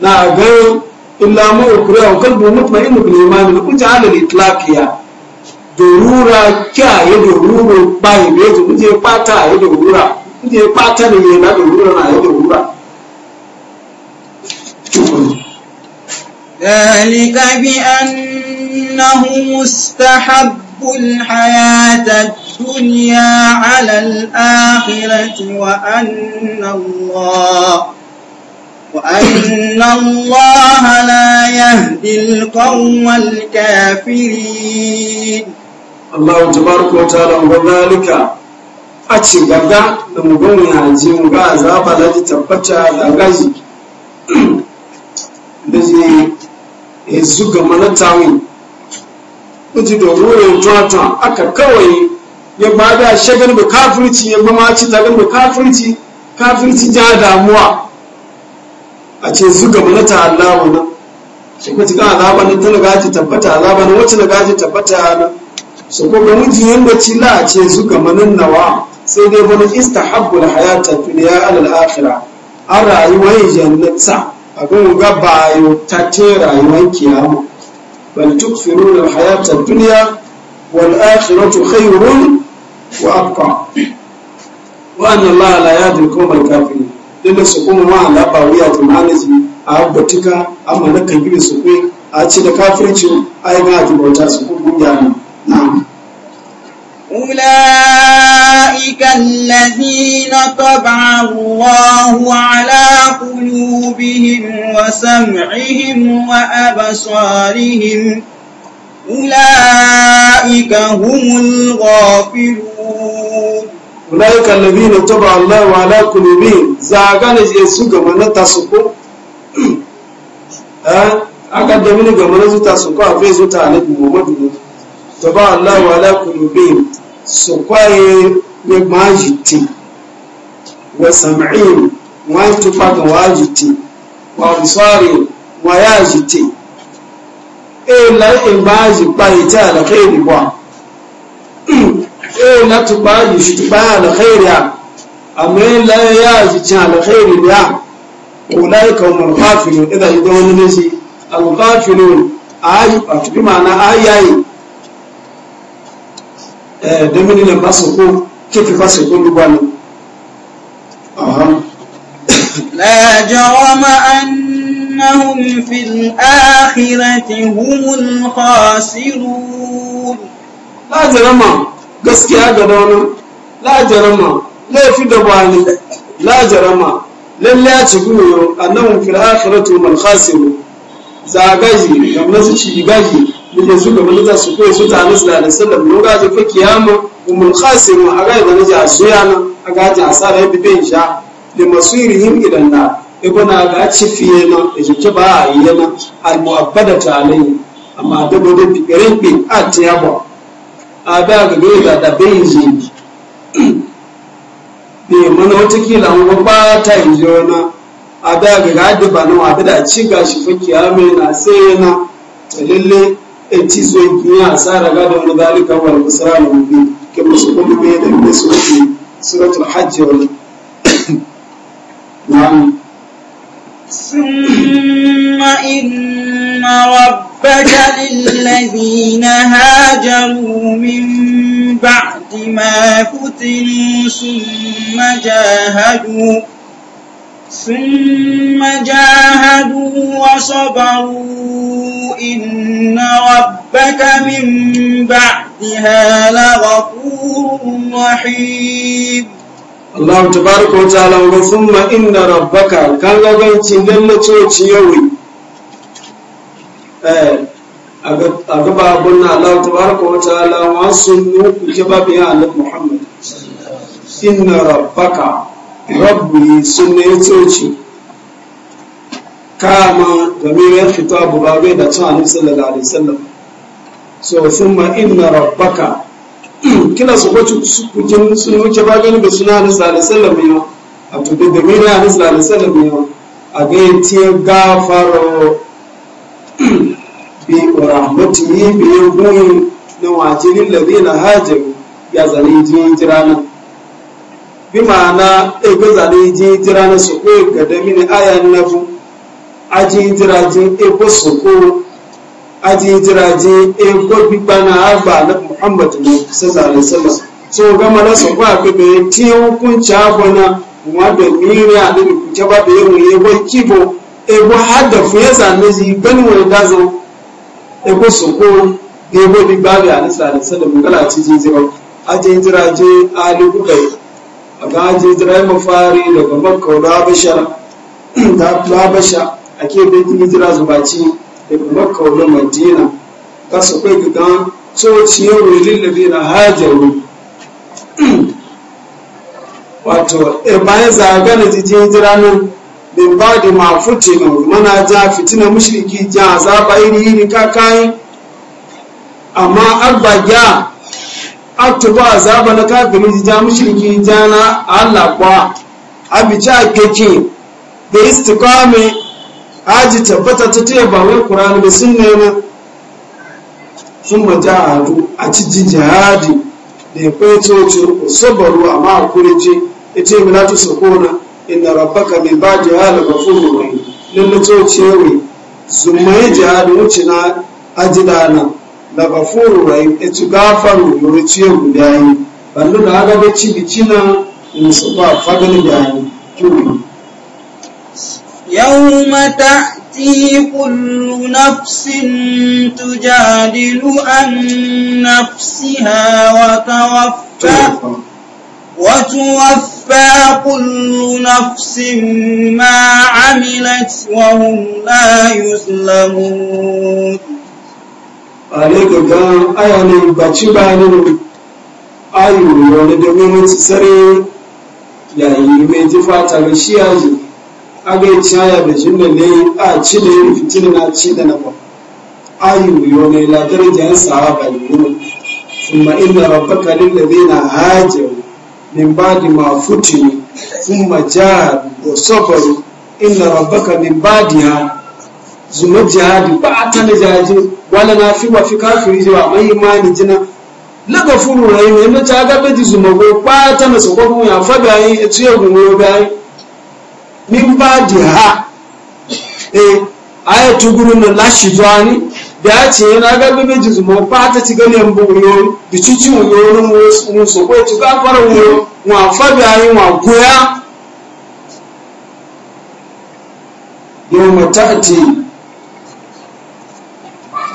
náà gan ìlànà òkúrẹ́ lè kí àyè pa ìwé ètò pátá àyè pátá náà dòwúrò náà àyè dòwúrà. ذلك بأنه مستحب الحياة الدنيا على الآخرة وأن الله وأن الله لا يهدي القوم الكافرين الله تبارك وتعالى وذلك a ci gaba da mugun yaji ga zaba da ji tabbata da gaji da ji ya zuga mana tawi kuji da ruwan tuwata aka kawai ya ba da shagar da kafirci ya ba maci lagar da kafirci kafirci ja damuwa a ce zuga mana ta Allah wannan shi kuma cikin azaba na tana gaji tabbata azaba na wacce na gaji tabbata na su ko ga miji yanda ci la a ce zuga mana nawa sai dai wani da hayata dunya alal akhirah rayuwa rayuwar jannata a gungun gaba yau ta ce rayuwar kiyama bal tukfiruna hayata dunya wal akhiratu khayrun وأبقى وأن ya لا يهدي القوم الكافرين dole su kuma ma Allah ba wuya ta manaji a batika amma na kan gini su kwe a ci da kafirci a yi na bauta su kuma gunya na أولئك الذين طبع الله على قلوبهم وسمعهم وأبصارهم أولئك أولئك هم الغافلون أولئك الذين طبع الله على قلوبهم زاغان يسوع كما نتسقوا aka da mini ga mana zuta su kwa fe zuta na muhammadu to ba Allah wa ala kulubin su kwaye ya wa wa ela eh, ebaji pa ita la khairi bwa ela eh, tubaji shi ba la khairi ya amela ya ji cha la khairi ya ulaika humul ghafilun idan idan wani ne shi al ghafilun إنهم في الآخرة هم الخاسرون لا جرما قسكي ga لا جرما لا في دبان لا جرما لن lalle ya ci guyo annahu fil akhirati zagaji gamna su ci gaji ke su gamna za su koyi su ta nasu da da alisallam mun gaji fa kiyama umul khasiru a gaji da naji a suyana a gaji asara yadda bai sha da masirihim idan na ibuna ga ci fiye na ejike ba a yi yana almu'abbada ta alayhi amma dabo da fikirin bi a tiya ba a da ga bai da da bai ji bi mana wata kila an ba ta yi na a da ga ga da ba na wa da ci ga shi fa kiyame na sai na lalle e ci so kiya asara ga da wani zalika wal musra'u bi kamar su kuma bai da su suratul hajj wal na'am ثم إن ربك للذين هاجروا من بعد ما فتنوا ثم جاهدوا ثم جاهدوا وصبروا إن ربك من بعدها لغفور رحيم Allah tabaraka wa ta'ala ga thumma inna rabbaka kan ga ganci lalle coci yawi eh a ga ba bunna Allah tabaraka wa ta'ala wa sunnu ke ba biya Allah Muhammad inna rabbaka rabbi sunna ya coci kama da gamirin ba bai da tun alaihi sallallahu alaihi wasallam so thumma inna rabbaka kina su kwaci su kujin sun wuce ba gani da suna da salisallar mai yawa a tuɗe da mai na da salisallar mai yawa a ga yi tiye gafaro bi rahmatu yi bi yin goyi na wajirin lari na hajjaru ya zane jin jira na bi ma'ana ɗai ga zane jin jira na su ko ga da mini ayan na fu a jin jira ko su ko aji jiraje e ko pipa na agba na muhammad ne sallallahu alaihi wasallam so gama na so ba ko be ti hukunci abona Kuma da miri a da ku ta ba be yi e kibo e ko hada fu ya zanne ji gani wani dazo e ko so ko e ko bi ba ga na sallallahu alaihi wasallam kala ci ji jiro aji jiraje ali ku kai aga aji jiraje mafari daga makka da habasha da habasha ake bin jiraje ba ci makka wa madina ka su kai gidan tsociyar wilin da dina hajaru wato e bayan zagana jijin jiranin min ba da mafuti na mana ja fitina mushriki ja zaba iri iri kakai amma abba ja atuba zaba na kafin ja mushriki ja na allah kwa abica keke da istikwame aji tabbata ta ce ba wai qur'ani ba sunna yana sun maja a ru a cikin jihadi da ya kwaye tsoci sabaru amma a kurece ya ce mina tu sakona inna rabbaka min ba jihala gafuru rahim lalle tsoci yawi zumai jihadi wuce na ajidana da gafuru rahim ya ci gafaru yuri ciye guda yi bandu da aga da ci cina in su ba fagali da yi kyuri يوم تأتي كل نفس تجادل عن نفسها وتوفى وتوفى كل نفس ما عملت وهم لا يظلمون عليك قام أيان باتشبان أيوه ولد ومن سري يا إيمي تفاتر الشياجي agai caya da jinna ne a cile fitina na ci da na ba ayu yo ne la darajan sahaba ne thumma inna rabbaka lil ladina hajaru min ba'di ma futinu thumma jahadu wa sabaru inna rabbaka min ba'diha zuma jihadi ba ta da jaji wala na fi wa fi kafiri jiwa mai imani jina na gafuru rayu yanda ta ga beji zuma go ba ta na sokon mu ya fada yi ya ciye gumo bayi min ba ha eh aya tuguru na lashi zuwani da ya ce na ga bebe ji zuma ba ta ci ganin buguyo da cici mu yorin mu so ko ci ka fara mu wa fa da yi wa goya yawma ta'ti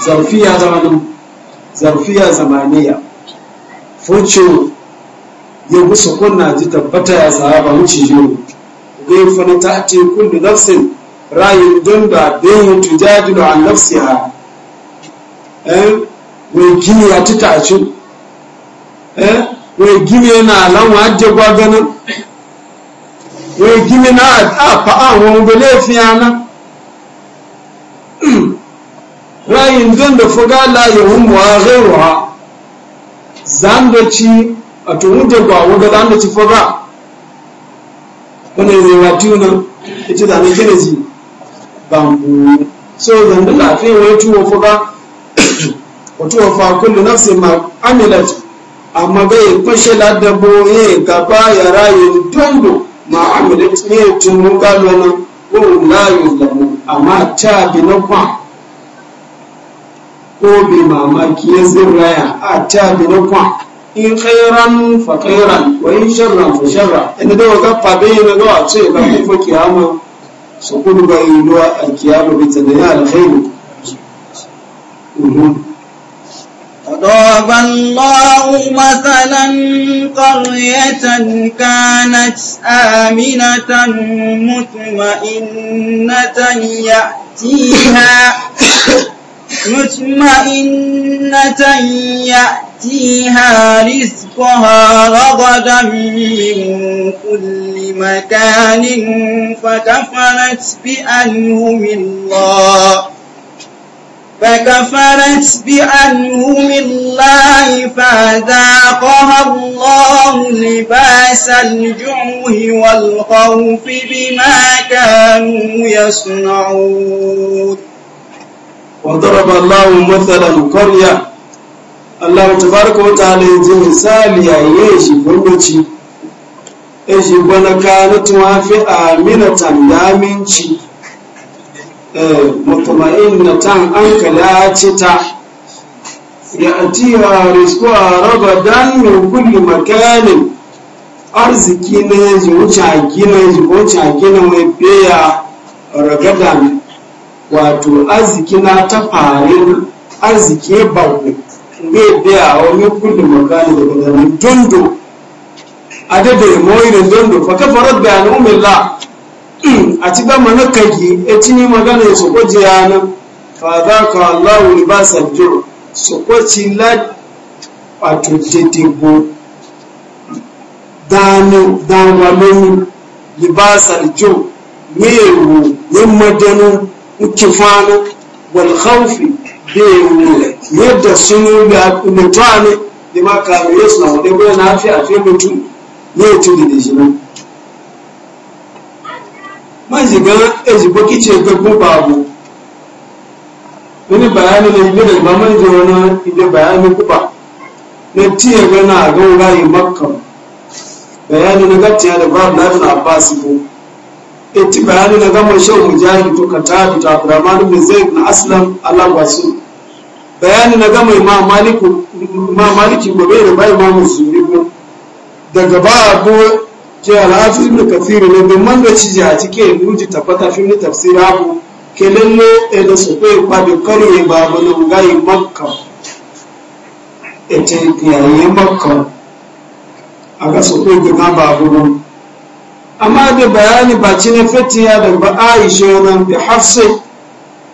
zarfiya zamani zarfiya zamaniya fucu ya gusa na ji tabbata ya sahaba ci yau dai fana ta ce kullu nafsin rayu don da dai tujadilu an nafsiha eh wai gini ya ci tashi eh wai gini yana lan waje gwaganin wai gini na a fa'a wani gole fiya na rayin don da fuga la yahun wa ghairuha zandoci a tuhun da ba wuga zandoci fuga wani zai wa tuna ita zane kene ji bambu so zan da lafiya wai tuwo fa ba wa tuwo fa kullu nafsi ma amilat amma bai kwashe ladabo ya gaba ya rayu dondo ma amilat ne tunu galwana wurin layu lamu amma ta bi na kwa ko bi mamaki ya ziraya a ta bi na kwa in khairan fa khairan wa in sharran fa sharra inda da ga fabe ne ga wace ga ku fa kiyama su kudu ga yiwa alkiyama bi tadaya alkhairu ضرب الله مثلا قرية كانت آمنة مطمئنة يأتيها مطمئنة يأتيها رزقها رغدا من كل مكان فكفرت بأنهم الله فكفرت بأنهم الله فذاقها الله لباس الجوع والخوف بما كانوا يصنعون وضرب الله مثلا قرية Allah tabaraka wa ta'ala ya ji misali ya yi shi gwamnati ya shi bana kana tuwa a amina tan daminci mutuma'inna tan an kala ce ta ya atiya rizquha rabadan min kulli makanin arziki na ya ji wuce a gina ya ji wuce a gina mai biya ragada wato arziki na ta farin arziki babu bai biya wani kundin makani da maganin dondo a dade da dondo fa kafarar da al'ummar la a ci ba mana kagi e ci ni magana ya soko ji yana fa za ka allahu libasa jiro soko ci la wato dedebo dani danwaloni libasa jiro ne yawo ne madanu kifana wal khawfi biyu yadda sun ga mutane da makamu yesu na wadai bai na fi a fi mutum ne ya tudu da shi nan man shiga ejigbo kice gaggbo babu wani bayani na ibe da gbaman da wani ibe bayani kuba na tiye gana a gaurayi makka bayani na gatiya da babu na abbas ko eti bayani na gama shan mujahid to katabi to abdurrahman ibn zaid na aslam allah basu bayani na gama imam malik imam maliki gobe da bai imam zuri ko daga ba ko ke al-hafiz ibn kathir ne da man da ci ja cike muji tabbata fi ni tafsir abu kelen ne e da su ko ba e da kare ba ba na gai makka ya kiyaye makka aga su ko ga ba ba amma da bayani ba ci ne fatiya da ba a aisha nan da hafsai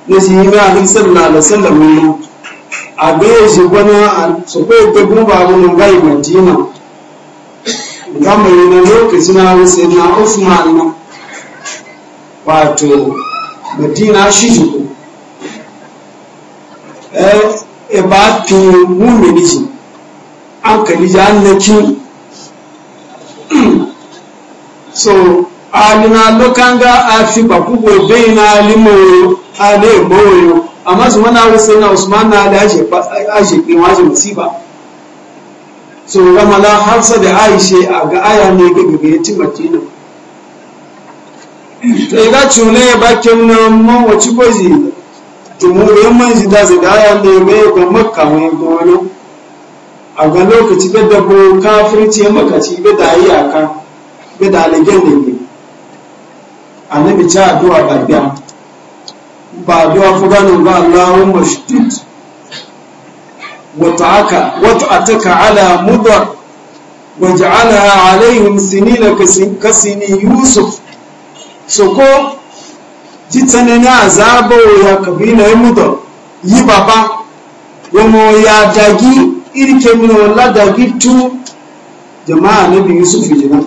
na shi na alin sallallahu da mai a bai shi gwana a kai ga gumba wani bai madina gama yi na lokacin na wasu na usman nan wato madina shi shi eh, e ba fi mumini shi an kalli jannaki so alina lokanga afi bakugo baina alimoyo ale moyo amma su mana wasu na usman na da ashe kai wajen musiba so ramala hafsa da Aisha a ga aya ne ga gaggayacin matina to iga cune bakin nan mu wace gwaji tumurin man shi da aya ne mai ga makka mai gano a ga lokaci ga dabo kafirci makaci ga da iyaka ya da aligen da ne annabi ci addu'a ba ba addu'a ku ganin ga Allahun mashdid wata aka wata ataka ala mudar waj'alaha alaihim sinina kasini yusuf so ko jitane na azabo ya kabila ya mudar yi baba wamo ya dagi irke mina wala dagi tu jama'a nabi yusuf jina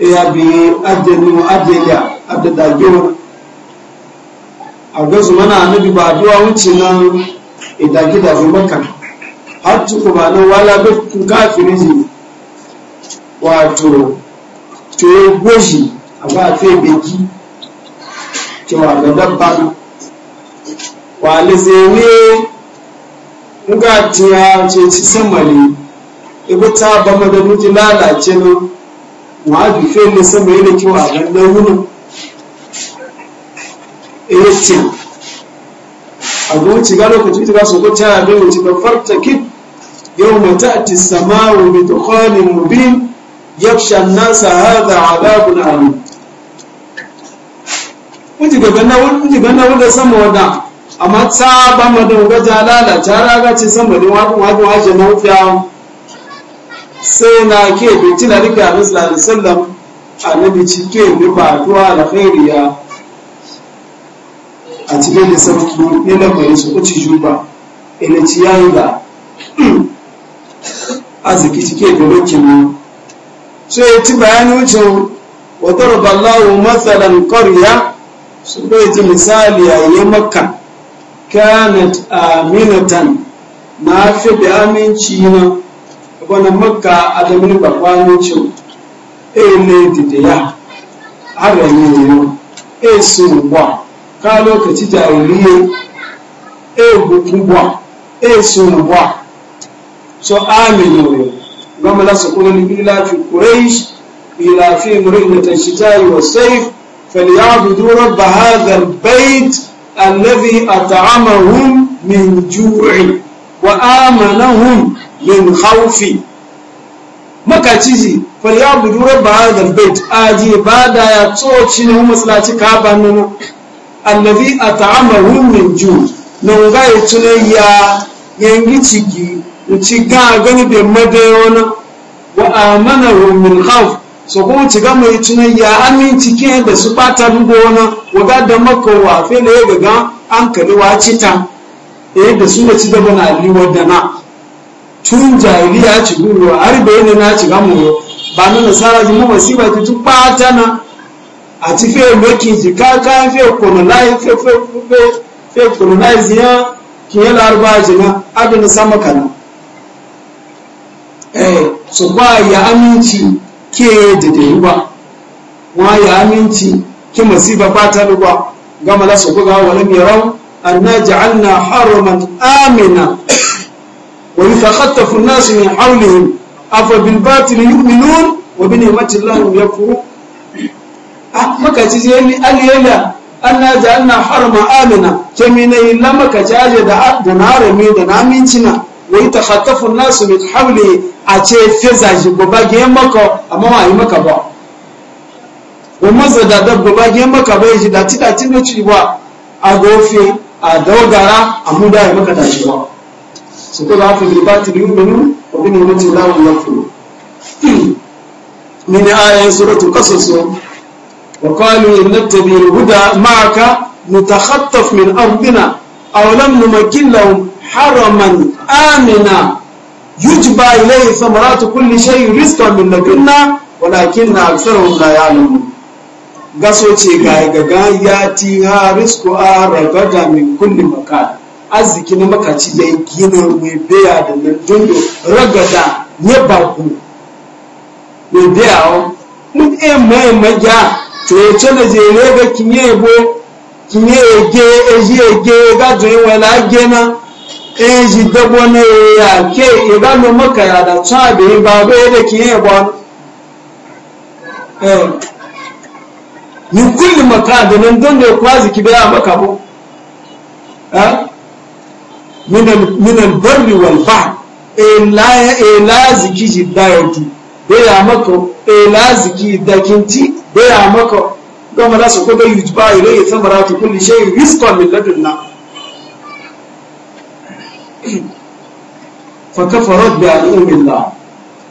ya bi ajali wa ajaliya abda da gina a gasu mana annabi ba duwa wuce nan idaki da zuma kan har tuku ba nan wala bi kun kafiri ji wato to goshi a ba fe beki cewa ga dabba wa lizewe nga tiya ce ci samali ibu ta ba mu da muke lalace nan wọ́n á bí fẹ́ lé sọ́mọ ilé tí wọ́n àgbà náwó nù ilé tí àgbà ó ti gá lókùtù tí wọ́n sọ̀kọ́ tí a bẹ́ wọ́n ti bẹ́ fọ́tàkì yóò mọ̀ tá àti sàmá òbí tó kọ́ ni da bí yẹ́pṣà náà sàhádà àdáàbò náà rù. Mun ji sama wada amma ta ba madan gaja ta raga ce sama da wajen wajen wajen mafiya sai na ke bitin a rike abu sallallahu sallam a nabi cike ni ba tuwa khairiya a cikin da sauki ne da mai su uci juba ina ci yayi ba arziki cike da rokin ne so ya ci bayani wucin wa darba Allahu matsalan qarya su bai ji misali a yi makka kanat aminatan na fi da aminci na wani maka a damin bakwani cewa e eh, ne dide ya har yanyi yiwu e eh, sunugba ka lokaci jahiliya e eh, gukugba e sunugba so amini yoyo gama la sukunan ilafi quraish ilafi murihatan shita'i wa sayf فليعبدوا رب هذا البيت الذي أطعمهم من جوع وآمنهم min haufi makaci falya budu rabba hadal bait aji bada ya tsoci na masallaci ka ba nan allazi at'amahu min ju nan ga tune ya yangi ciki uci ga gani da madayona wa amanahu min khawf so ko ci ga mai tune ya amin ke da su bata gona waga da makowa fele ga ga an kali wa cita eh da su ne ci da bana liwa da na tun jahiliya ci guru har bayan na ci gamu ba na nasara ji mu masiba ti tun pata na àti fẹ́ lókì ìjìkáká fẹ́ fiye fẹ́ fẹ́ ki yi ziyán ji na abin jìnà sama kana eh so ba ya aminci ke yi ba wa ya aminci ki masifa ta ruwa gama la su buga wa lam yarau anna ja'alna haraman amina ويتخطف الناس من حولهم أفبالباطل يؤمنون وبنعمة الله هم يكفرون makaci aliyana an na ji an harma amina ke minai na makaci aje da na harami da na mincina wai ta hatafin nasu mai haule a ce feza shi gobage maka amma ma yi maka ba wa maza da dab gobage maka ba ba a gofe a a muda maka da shi ba si ko baa fi bi mu ñu ko bi mu ñu ci laam la ko ni ni aya suratu qasas wa qalu in maka, huda ma'aka min ardina aw lam numakkin haraman amina yujba ilayhi thamaratu kulli shay'in rizqan min ladunna walakinna aktharahum la ya'lamun gaso ce gaya ga ga ya ti ha risku a ragada min kulli makan arziki na makaci da gina mai biya da nan dundu ragada ya baku mai biya o mun e mai maja to ya ce je ne ga kinye bo kinye ege eji ege ga to yi wala gena eji dabo na ya ke ya ga maka ya da ta be ba be da kinye bo eh ni kulli maka da nan dundu kwazi ki biya maka bo ha eh? min albarri wal bahr ela ziki ji da yautu bera maka ela ziki da kinti bera maka gama da su kuma yujba ilayhi thamaratu kulli shay'in rizqan min ladunna fakafarat bi al'umillah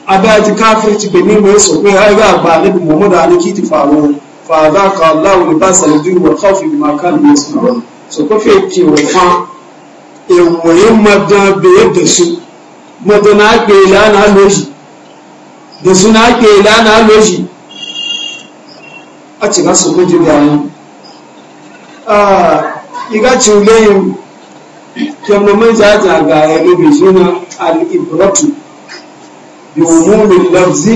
abati kafirci da nima ya sauke har ga ba nabi muhammad aliki ti faru fa za ka ke ewoyin madan bai da su madan ake ilana loji da suna ake ilana loji a cika su kuji da yi a iga cileyin kyamnamin jaja ga yare bai suna al'ibratu yomumin lafzi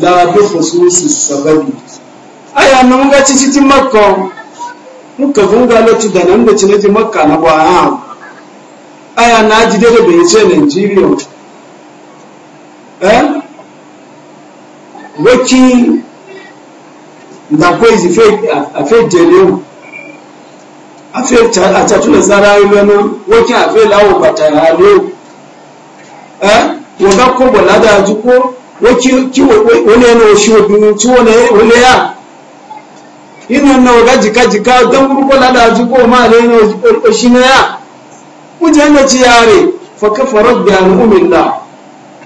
la bi khususi sababi aya nan ga cikin makka muka gunga lotu da nan da cinaji makka na ba aya na ji daga bai ce nigeria eh waki da kwezi a fe jelewu a fe a tsara ilonu waki a fe lawo ba ta halo eh wọ́n bá kó bọ̀ ládàájú kó wọ́n ní ẹnu oṣù obìnrin tí wọ́n lé yà inú jika ọ̀gá jìkájìká dánwúrú kó ládàájú kó máa lé ẹnu oṣù náà wujen da ci yare fa kafarar da al'umin da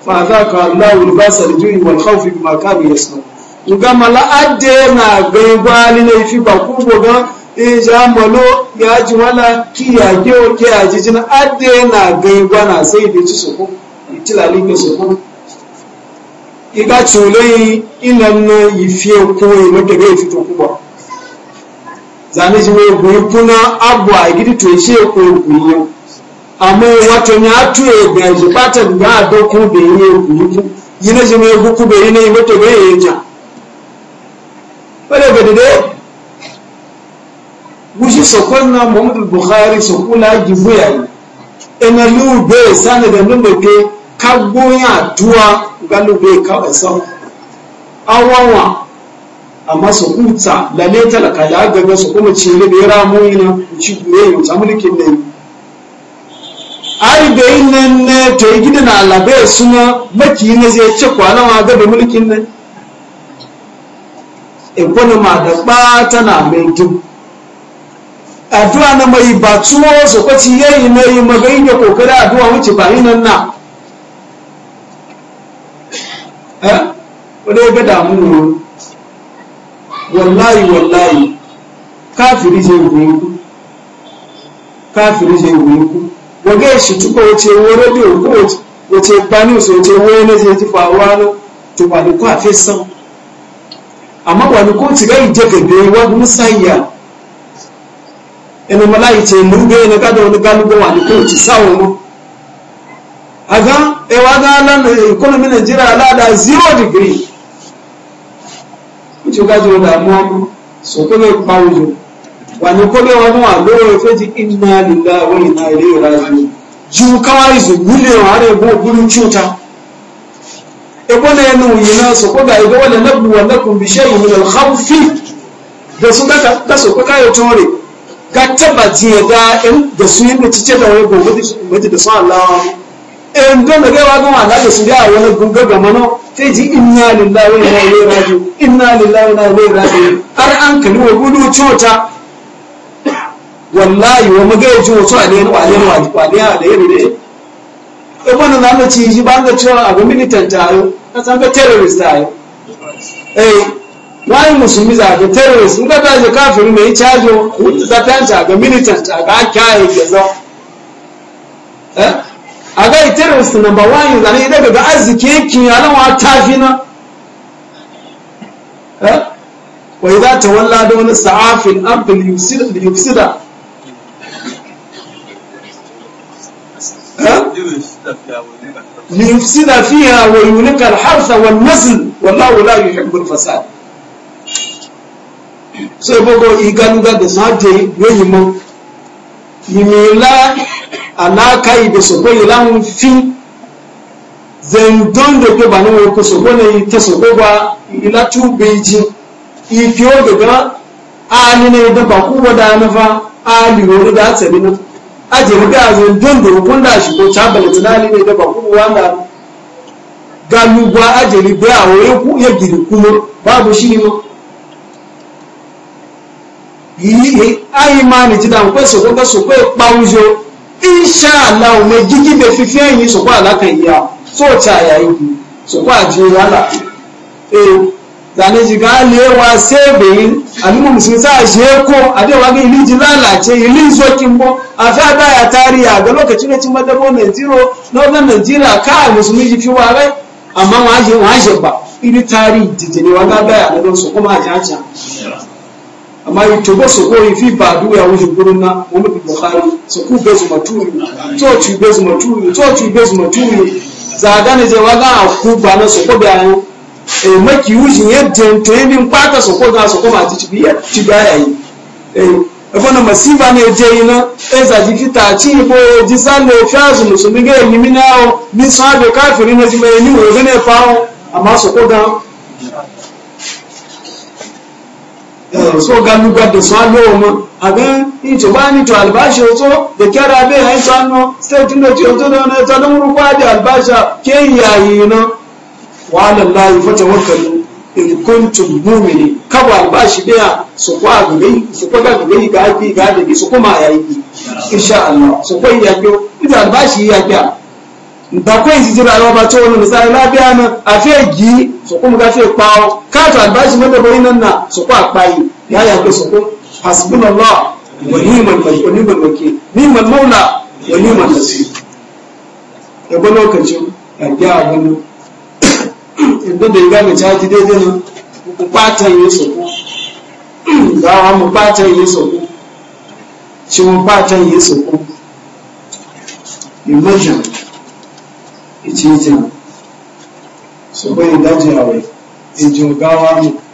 fa za ka allahu libasa da juyi wal khawfi bima kanu yasnu nga mala adde na gai gwali ne fi ba ku boga e ja malo ya ji wala ki ya ge o ke ya ji jin adde na gai gwana sai da ci soko itilali ke soko iga chule ilan na ifie ko e no daga ifi to kuba zane ji wo gwi kuna abu a gidi to ishe ko gwi yau amma wato ya tuye ga bukatar ba a dokun da yi ne yi na jini huku da yi na yi mata bai yi ja wadda ga dade wushi sakon na muhammadu buhari sakula gibu ya yi ina lube sani da nuna ke kagoya duwa ga lube kawai sam awawa amma su huta lalle talaka ya gaba su kuma cire bai ramu yana ci ne ya samu likin ne ai bai nan ne to yi gidan alabe suna maki na zai ce kwana ma ga mulkin nan e, ma da ta na mai duk addu'a na mai batuwo su kwaci yayi mai yi magayin ya kokari addu'a wuce ba nan na eh wani ya ga damu wallahi wallahi kafiri zai goyi ku kafiri zai goyi ku wage shi tuba wace wo radio ko wace bani wace wo ne je ti fa wa ko afesan amma ba ni ko ti ga ije gebe wa mu sayya ene malai ce mu ne ka da wani galugo wa ni ti sawo mu aga e Nigeria ala zero degree mu ga da mu so ko ne ba wujo wani kome wani wa lori feji inna lillahi wa inna ilaihi raji'un ju kawai su gule wa ne bo gurin cuta e kone yana yina su ko ga ido wala nabu wa lakum bi shay'in min al khawf da su ka ka su ko kai tore ka tabbaci da in da su yin tice da wani gobe da da sa Allah in don da ga wa don Allah da su ga wani gunga ga mano feji inna lillahi wa inna ilaihi raji'un inna lillahi wa inna ilaihi raji'un har an kali wa gudu cuta wallahi wa maga ji wasu wa walayen walayen alayen ne e wannan na ci ji ba ga cewa abu ta yi ka san ga terrorist yi eh wani musulmi za ga terrorist in ta je kafin mai cajo wuta za ta ta ga militan a ga kai ke zo eh a ga terrorist ba wani zane daga ga arziki yankin yalan wa tafina eh wa walla da wani sa'afin amfani fil yufsida ليفسد فيها ويهلك الحرث والنسل والله لا يحب الفساد so bogo iganuga da saje yoyimo yimila alaka ibe so boye lan fi zendon de ko banu wo ko so bone ite so boba ila tu beji ifio de ga ani ne da ba ku wada na fa ali wo da na. ajiyar gazin dundu kunda shi ko cabalin tunani ne da bakuru wanda galugwa ajiyar bayawo ya gidi kuma babu shi ne ayi ma ni jida nkwe sokwe ka sokwe pa ujo inshallah o me gigi be fifi eyin sokwe alaka iya so cha ya eh ga sebe al'umma musulmi sa a sheko a dai ilin ji lalace ilin zokin bo a fi tari ya tariya ga lokacin da cin madabo najiro na wajen najira ka a musulmi ji fi warai amma wajen ba ili tari jijini wani abaya na don su kuma a jaca amma yi tobo su yi fi ba duya wuce gurin na wani bi bukari su ku bezu maturi to ci bezu maturi to ci bezu maturi zaga ne je waga a ku ba na su ko bayan e maki wujin yadda to yi min kwata su ko za su koma ji ci baya yi efona eh, ne je ina eza eh, jikita chibo jisande fyazu musumige kafiri ne jimeni wogene pao amaso koga so ga luga da so alo mo aga ni to ba ni to albashi oto de kara be ha to anno state no ti oto no to albasha ke yayi wa alallahi fatawakkalu in kuntum mu'mini kaba ba shi biya su kwa gubai su kwa ga gubai ga aiki ga da su kuma ya yi insha Allah su kwa ya biyo ita ba shi ya biya ba ko yin jira ba ba to wani misali la biya na a fe gi su kuma ga fe pawo ka to albashi mata bai nan na su kwa pai ya ya ko su ko hasbunallah wa ni'mal wa ni'mal wakil ni'mal maula wa ni'mal nasir ya ba lokacin ya biya wani gbogbo ìgbàgbé tí a dédé nu kò mu pátá tí wọn pátá yìí sọ̀kú ìmọ̀jà ìtìtì sọ̀kú ìdájì àwẹ̀ ìjọ mu.